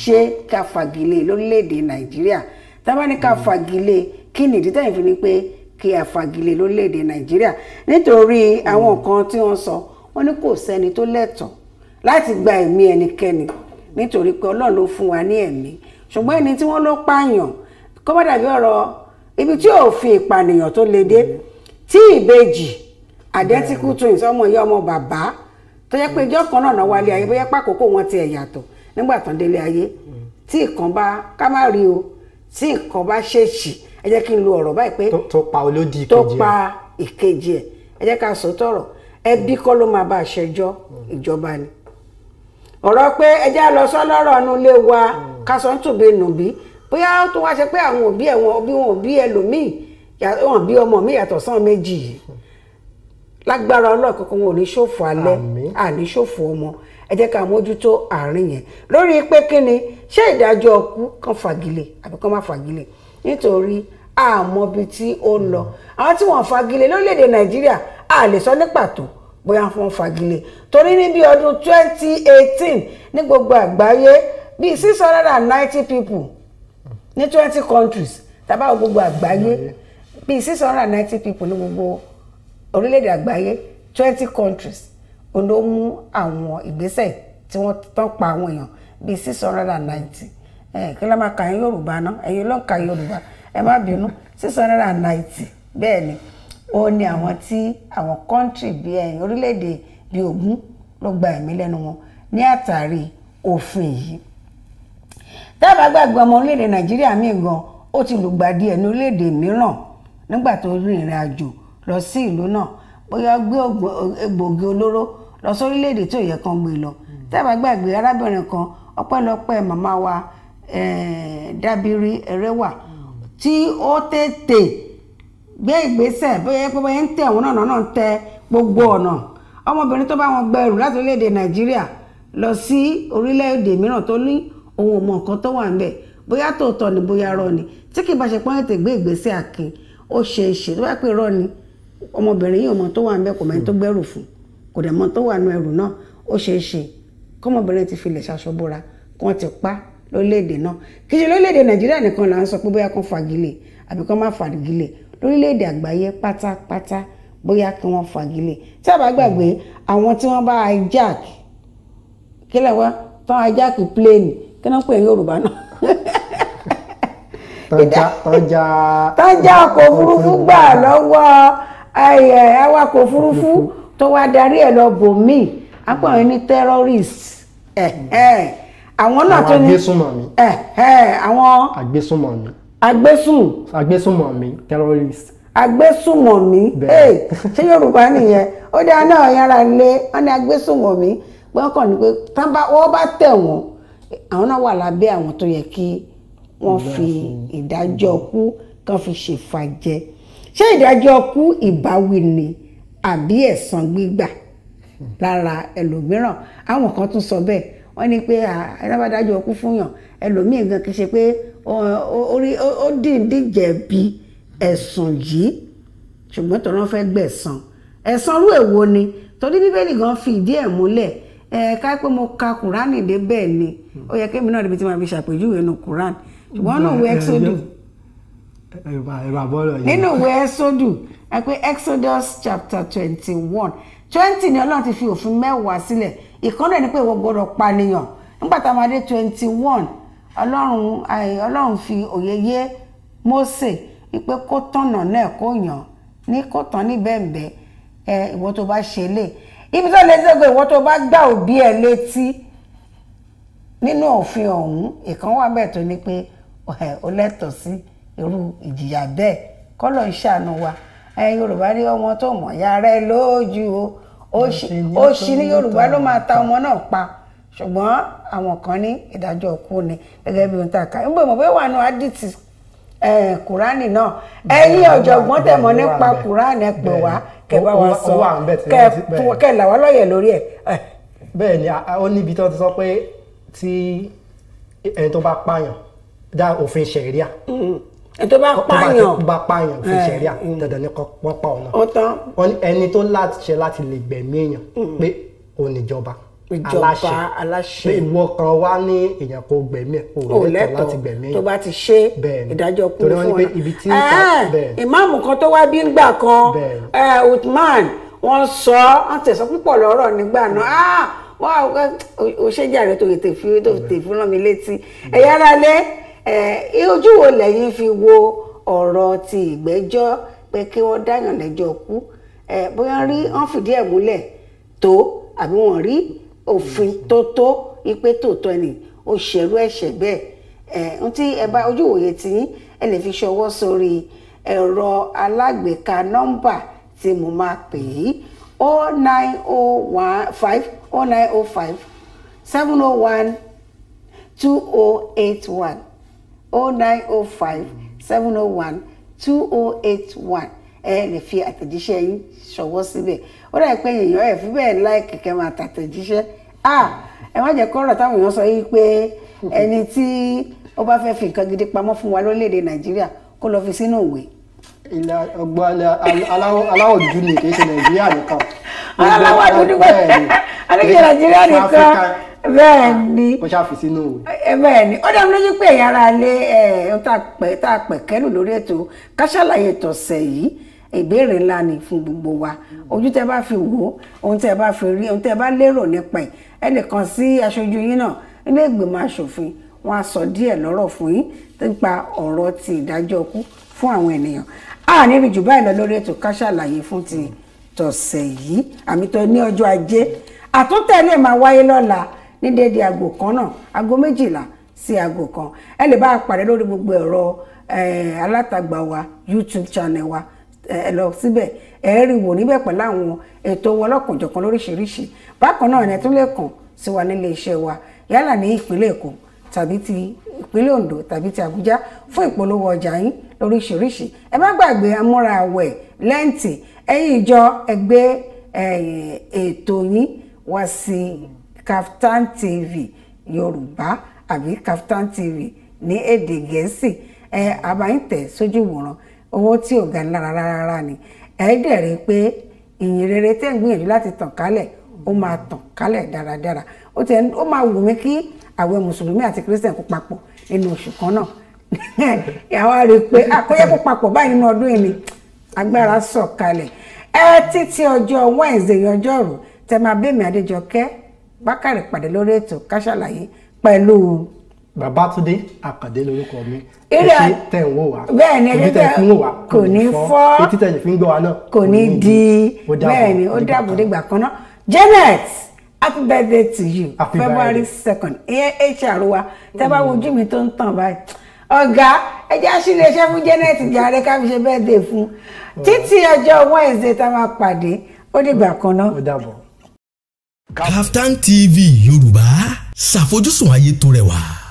ṣé ká fagilé lórílẹ̀‐èdè nàìjíríà tábà ká hmm. fagilé kí nìdí tẹ̀yìn fi ni pé kí a fagilé lórílẹ̀‐èdè nàìjíríà nítorí àwọn hmm. nǹkan tí wọ́n sọ wọ́n ní kò sẹ́ni tó lẹ́tọ̀ọ́ láti gba ẹ̀mí ẹnikẹ́ni nítorí pé ọlọ́run ló fún wa ní ẹ̀mí ṣùgbọ́n ẹni tí wọ́n ló pààyàn kó má dàbí ọ̀rọ̀ ibi tí òfin ìpànìyàn tó le dé hmm. tí ìbejì identical twins ọmọ ìyá ọmọ bàbá tó yẹ pé ìjọ mm. kan náà náà wálé ayé bóyá pàkókò wọn ti ẹ̀ yàtọ̀ nígbà tán délé ayé mm. tí nǹkan bá ká má rí o tí nǹkan bá ṣèṣì ẹ jẹ́ kí n lo ọ̀rọ̀ báyìí pé tó pa olódì ìkejì ẹ̀ tó pa ìkejì ẹ̀ ẹ jẹ́ ká sọ tọ̀rọ̀ ẹbí kọ́ ló máa bá a ṣẹjọ́ mm. ìjọba ni ọ̀rọ̀ pé ẹ já lọ sọ́lọ́rọ̀ nu ilé wa ká sọ ń tùbí nùbí bóyá ó tún wá ṣe pé àwọn òbí ẹ̀ wọn òbí wọn òbí ẹlòmíì lágbára ọlọ́ọ̀ kankan wọn ò ní ṣòfò alẹ́ àní ṣòfò ọmọ ẹ jẹ́ ká mójútó àárín yẹn lórí pé kí ni ṣé ìdájọ́ ọkú kan fagilé àbí kan má fagilé nítorí àmọ́bi tí ó ń lọ àwọn tí wọ́n fagilé lórílẹ̀‐èdè nàìjíríà a lè sọ ní pàtó bóyá wọ́n fagilé torí ní ọdún 2018 ní gbogbo àgbáyé bíi 690 people ní 20 countries tàbá gbogbo àgbáyé bíi 690 people ní gbogbo orílẹ̀-èdè àgbáyé twenty countries ló mú àwọn ìgbésẹ̀ tí wọ́n tán pa àwọn èèyàn bíi six hundred and ninety kí ló máa kà ń yorùbá náà ẹ̀yin ló ń ka yorùbá ẹ má bínú six hundred and ninety bẹ́ẹ̀ ni ó ní àwọn tí àwọn country bíi ẹ̀yìn orílẹ̀-èdè bíi ogún ló gba ẹ̀mí lẹ́nu wọn ní àtàrí òfin yìí dábàá gbàgbé ọmọ orílẹ̀-èdè nàìjíríà míì gan ó ti lùgbàdì ẹ̀ ní orílẹ̀-èdè mìíràn nígbà tó rí ìrìn àjò lọ sí ìlú náà bóyá gbé egbògi olóró lọ sórílẹ̀-èdè tí ò yẹ kan gbé lọ tẹ́ẹ̀bà gbàgbé arábìnrin kan ọpẹ́lọpẹ́ màmá wa dábìrì ẹrẹ́wà tí ó tètè gbé ìgbésẹ̀ bóyá pé bóyá ń tẹ̀ wọ́n náà náà ń tẹ gbogbo ọ̀nà ọmọbìnrin tó bá wọn gbẹrù láti orílẹ̀-èdè nàìjíríà lọ sí orílẹ̀-èdè mìíràn tó ní ohun ọmọ nǹkan tó wà níbẹ̀ bóyá tòótọ́ ni bóyá rọ ni tí kì í bá ṣe pọ́n ètè gbé ìgbésẹ̀ àkín ó ṣe é ṣe tó bá pè rọ ni ọmọbìnrin yìí ọmọ tó wà níbẹ̀ kò mẹ́ni tó hmm. gbẹ́rù fún kò dẹ̀ mọ́ tó wà nù ẹrù náà ó ṣeé ṣe kọ́mọbìnrin ti filẹ̀ ṣaṣọ bóra kí wọ́n ti pa lórílẹ̀‐èdè náà kì í ṣe lórílẹ̀‐èdè nàìjíríà nìkan là ń sọ pé bóyá kan fagilé àbí kan má fagilé lórílẹ̀‐èdè àgbáyé pátápátá bóyá kí wọ́n fagilé tí a bá gbàgbé hmm. àwọn tí wọ́n bá hijack kí lè wá tán hijack plane kí wọ́n pè é yorùbá náà. tọ́jà tọ́jà tọ́jà ọkọ̀ òfurufú gbà lọ́wọ́ awakọ̀ òfurufú tó wá darí ẹ̀ lọ bòmí àpò àwọn mm-hmm. ní terrorist eh, mm-hmm. eh. àwọn náà tó ní eh, àwọn agbésùnmọ̀mí agbésùn agbésùnmọ̀mí terrorist agbésùnmọ̀mí ṣé Yorùbá nìyẹn ó dá náà yára lé wọn ní agbésùnmọ̀mí pé wọn kàn ní pé wọ́n bá tẹ̀ wọ́n àwọn náà wà lábẹ́ àwọn tó yẹ kí wọ́n fi ìdájọ́ kú kán fi ṣèfàjẹ́ ṣé ìdájọ́ kú ìbáwí ni àbí ẹ̀san gbígbà lára ẹlòmíràn àwọn kan tún sọ bẹ́ẹ̀ wọ́n ní pé alábàdájọ́ kú fúnyàn ẹlòmíì gan kì í ṣe pé ó dìndín jẹ̀bi ẹ̀sùn yìí ṣùgbọ́n tó rán fẹ́ẹ́ gbẹ̀san ẹ̀san rú èwo ni torí bíbélì gan fi ìdí ẹ̀ múlẹ̀ ẹ ká pé mo ka kùránì dé bẹ́ẹ̀ ni ó yẹ kémi náà débi tí màá fi ṣàpèjúwe nu kùránì ṣùgbọ́n náà wọ ẹ́xodus nínú ìwé ẹ́sọ́dù ẹ pé exodus chapter twenty one twenty ni ọlọ́run ti fi òfin mẹ́wàá sílẹ̀ ìkọ́nà ni pé ìwọ gbọ́dọ̀ pànìyàn nígbà tá a máa dé twenty one ọlọ́run ọlọ́run fi òye yé Mósè wípé kó tọ̀nà náà kó yàn ní kó tán ní bẹ́ẹ̀nbẹ́ẹ́ ẹ ìwọ tó bá ṣe lè ibi tó lè ṣègbè ìwọ tó bá gbá òbí ẹ létí nínú òfin ọ̀hún ìkan wà tó ní pé ó lẹ́tọ̀ọ́ sí. Si irú ìjìyà bẹ́ẹ̀ kọ́lọ̀ ìṣàánú wa ẹ yorùbá ní ọmọ tó mọ̀ ya rẹ lójú o ó ṣí ní yorùbá ló máa ta ọmọ náà pa ṣùgbọ́n àwọn kan ní ìdájọ́ kú ni gẹ́gẹ́ bí ohun tá a kà ń gbọ́ mọ̀ pé wà nù adìtì kùránì náà ẹ̀yin ọ̀jọ̀gbọ́n tẹ̀mọ́ nípa kùránì ẹ pè wá kẹ́ bá wa sọ kẹ́ là wá lóye lórí ẹ̀. bẹ́ẹ̀ ni ó níbi tó ti sọ pé tí ẹni tó bá pààyàn dá òfin ṣẹ̀ríà mm tó bá pààyàn tó bá pààyàn fi ṣẹ̀ríà dandan ni wọ́n pa ọ̀nà wọ́n ní ẹni tó láti ṣe láti lè gbẹ̀mí èèyàn mm. pé ò níjọba aláṣẹ aláṣẹ pé ìwọ kan wá ní èèyàn kò gbẹ̀mí ò lẹ́tọ̀ọ́ láti gbẹ̀mí èèyàn tó bá ti ṣe ìdájọ́ kú fún ọ náà ìmáàmù kan tó wá bí ngbà kan Uthman wọ́n sọ wọ́n tẹ̀sán púpọ̀ lọ́rọ̀ nígbà náà mm. ah! wọ́n ò ṣèjà rẹ̀ tó tètè fi rán mi létí ẹ̀yà lé ojú wo lẹ́yìn fi wo ọ̀rọ̀ ti ìgbẹ́jọ́ pé kí wọ́n dáyàn lẹ́jọ́ kú bóyá rí wọ́n fìdí ẹ̀ múlẹ̀ tó àbí wọ́n rí òfin tó tó ipe tòótọ́ ni ó ṣerú ẹ̀ṣẹ̀ bẹ́ẹ̀ n tí ẹ bá ojú ìwòye tí ẹ lè fi ṣọwọ́ sórí ẹ̀rọ alágbèéká nọ́mbà tí mo máa pè yí o oh nine o oh one five o oh nine o five seven o one two o eight one. 0905 701 2081 ẹ lè fi àtẹ̀jíṣẹ́ yín ṣọwọ́ síbẹ̀ ó dà pé èèyàn ẹ̀ fi bẹ́ẹ̀ láì kẹ̀kẹ́ máa tàtẹ̀jíṣẹ́ ẹ má jẹ́ kọ́rọ̀ táwọn èèyàn sọ yìí pé ẹni tí ó bá fi nǹkan gidi pamọ́ fún wa lórílẹ̀‐èdè nàìjíríà kó fi sínú ìwé. ilẹ̀ ọgbọ́n aláwọ̀ dúdú ni kì í ṣe nàìjíríà nìkan. aláwọ̀ dúdú bẹ́ẹ̀ ni bẹ́ẹ̀ ni kó ṣáà fi sínú òwe. bẹ́ẹ̀ ni ó dá mi lójú pé ẹ̀yin ará ilé ẹ̀ tá a pẹ̀ kẹ́lù lórí ètò ká ṣàlàyé tọ̀sẹ̀ yìí ìbéèrè ńlá ni fún gbogbo wa ojú tẹ bá fi wò ó ohun tẹ bá fi rí ohun tẹ bá lérò nípa ẹ ẹnìkan sí aṣojú yín náà ilé ìgbìmọ̀ asòfin wọn á sọ díẹ̀ lọ́rọ̀ fún yín nípa ọ̀rọ̀ ti ìdájọ́ ikú fún àwọn ènìyàn a níbi jù báyìí lọ lórí ètò ká ṣàlàyé fún ti tọ̀sẹ̀ yìí àmì tó ní ọjọ́ ajé àtúntẹ̀ lè máa wáyé lọ́la ní déédé aago kan náà aago méjìlá sí aago kan ẹ lè bá a pàdé lórí gbogbo ẹ̀rọ alátagbà wa YouTube channel wa ẹ lọ síbẹ̀ ẹ rí wò níbẹ̀ pẹ̀lú àwọn ètò wọn lọ́kànjọ̀kan lóríṣiríṣi bákan náà ẹ̀ tún lè kàn sí wa nílé iṣẹ́ wa yálà ní ìpínlẹ̀ Èkó tàbí ti ìpínlẹ̀ Ondo tàbí ti Àbújá fún ìpolówó ọjà yín lóríṣiríṣi ẹ má gbàgbé amúra àwẹ̀ lẹ́ǹtì ẹ̀yin ìjọ ẹgbẹ́ ètò yín wá sí i. Kaftan TV Yorùbá àbí Kaftan TV ní èdè Gẹ̀ẹ́sì ẹ àbáyìntẹ̀ sójú ìwòran owó tí ò ga lára rárá ni ẹ dẹ̀ rí i pé ìyìn rere tẹ́ ń gbìyànjú láti tàn kálẹ̀ ó máa tàn kálẹ̀ dáradára ó tẹ ó máa wù mí kí àwọn mùsùlùmí àti kírísítẹ̀n kó papọ̀ nínú oṣù kan náà àwa rí i pé àkóyẹ kó papọ̀ báyìí nínú ọdún yìí ni agbára sọ̀kalẹ̀ ẹ títí ọjọ́ Wednesday ọjọ́rú tẹ máa bẹ́ẹ̀ mi Adéjọkẹ́ bákàrè pàdé lórí ètò ká ṣàlàyé pẹ̀lú. Babátúndé Àkàndé lórúkọ mi èsì tẹ̀ ń wò wá bẹ́ẹ̀ kò ní fọ́ etí tẹ̀ fi gbọ́ wa náà kò ní di bẹ́ẹ̀ ni ó dàbò dìgbà kan náà Janet happy birthday to you happy February second ìyẹn hr wa tẹ́ bá wojú mi tó ń tàn báyìí ọ̀gá ẹjẹ́ àṣìlẹ̀ṣẹ́ fún Janet jàre ká fi ṣe birthday fún títí ọjọ́ Wednesday tá a máa pàdé ó dìgbà kan náà Kaftan TV Yorùbá ṣàfojúsùn ayé tó rẹwà.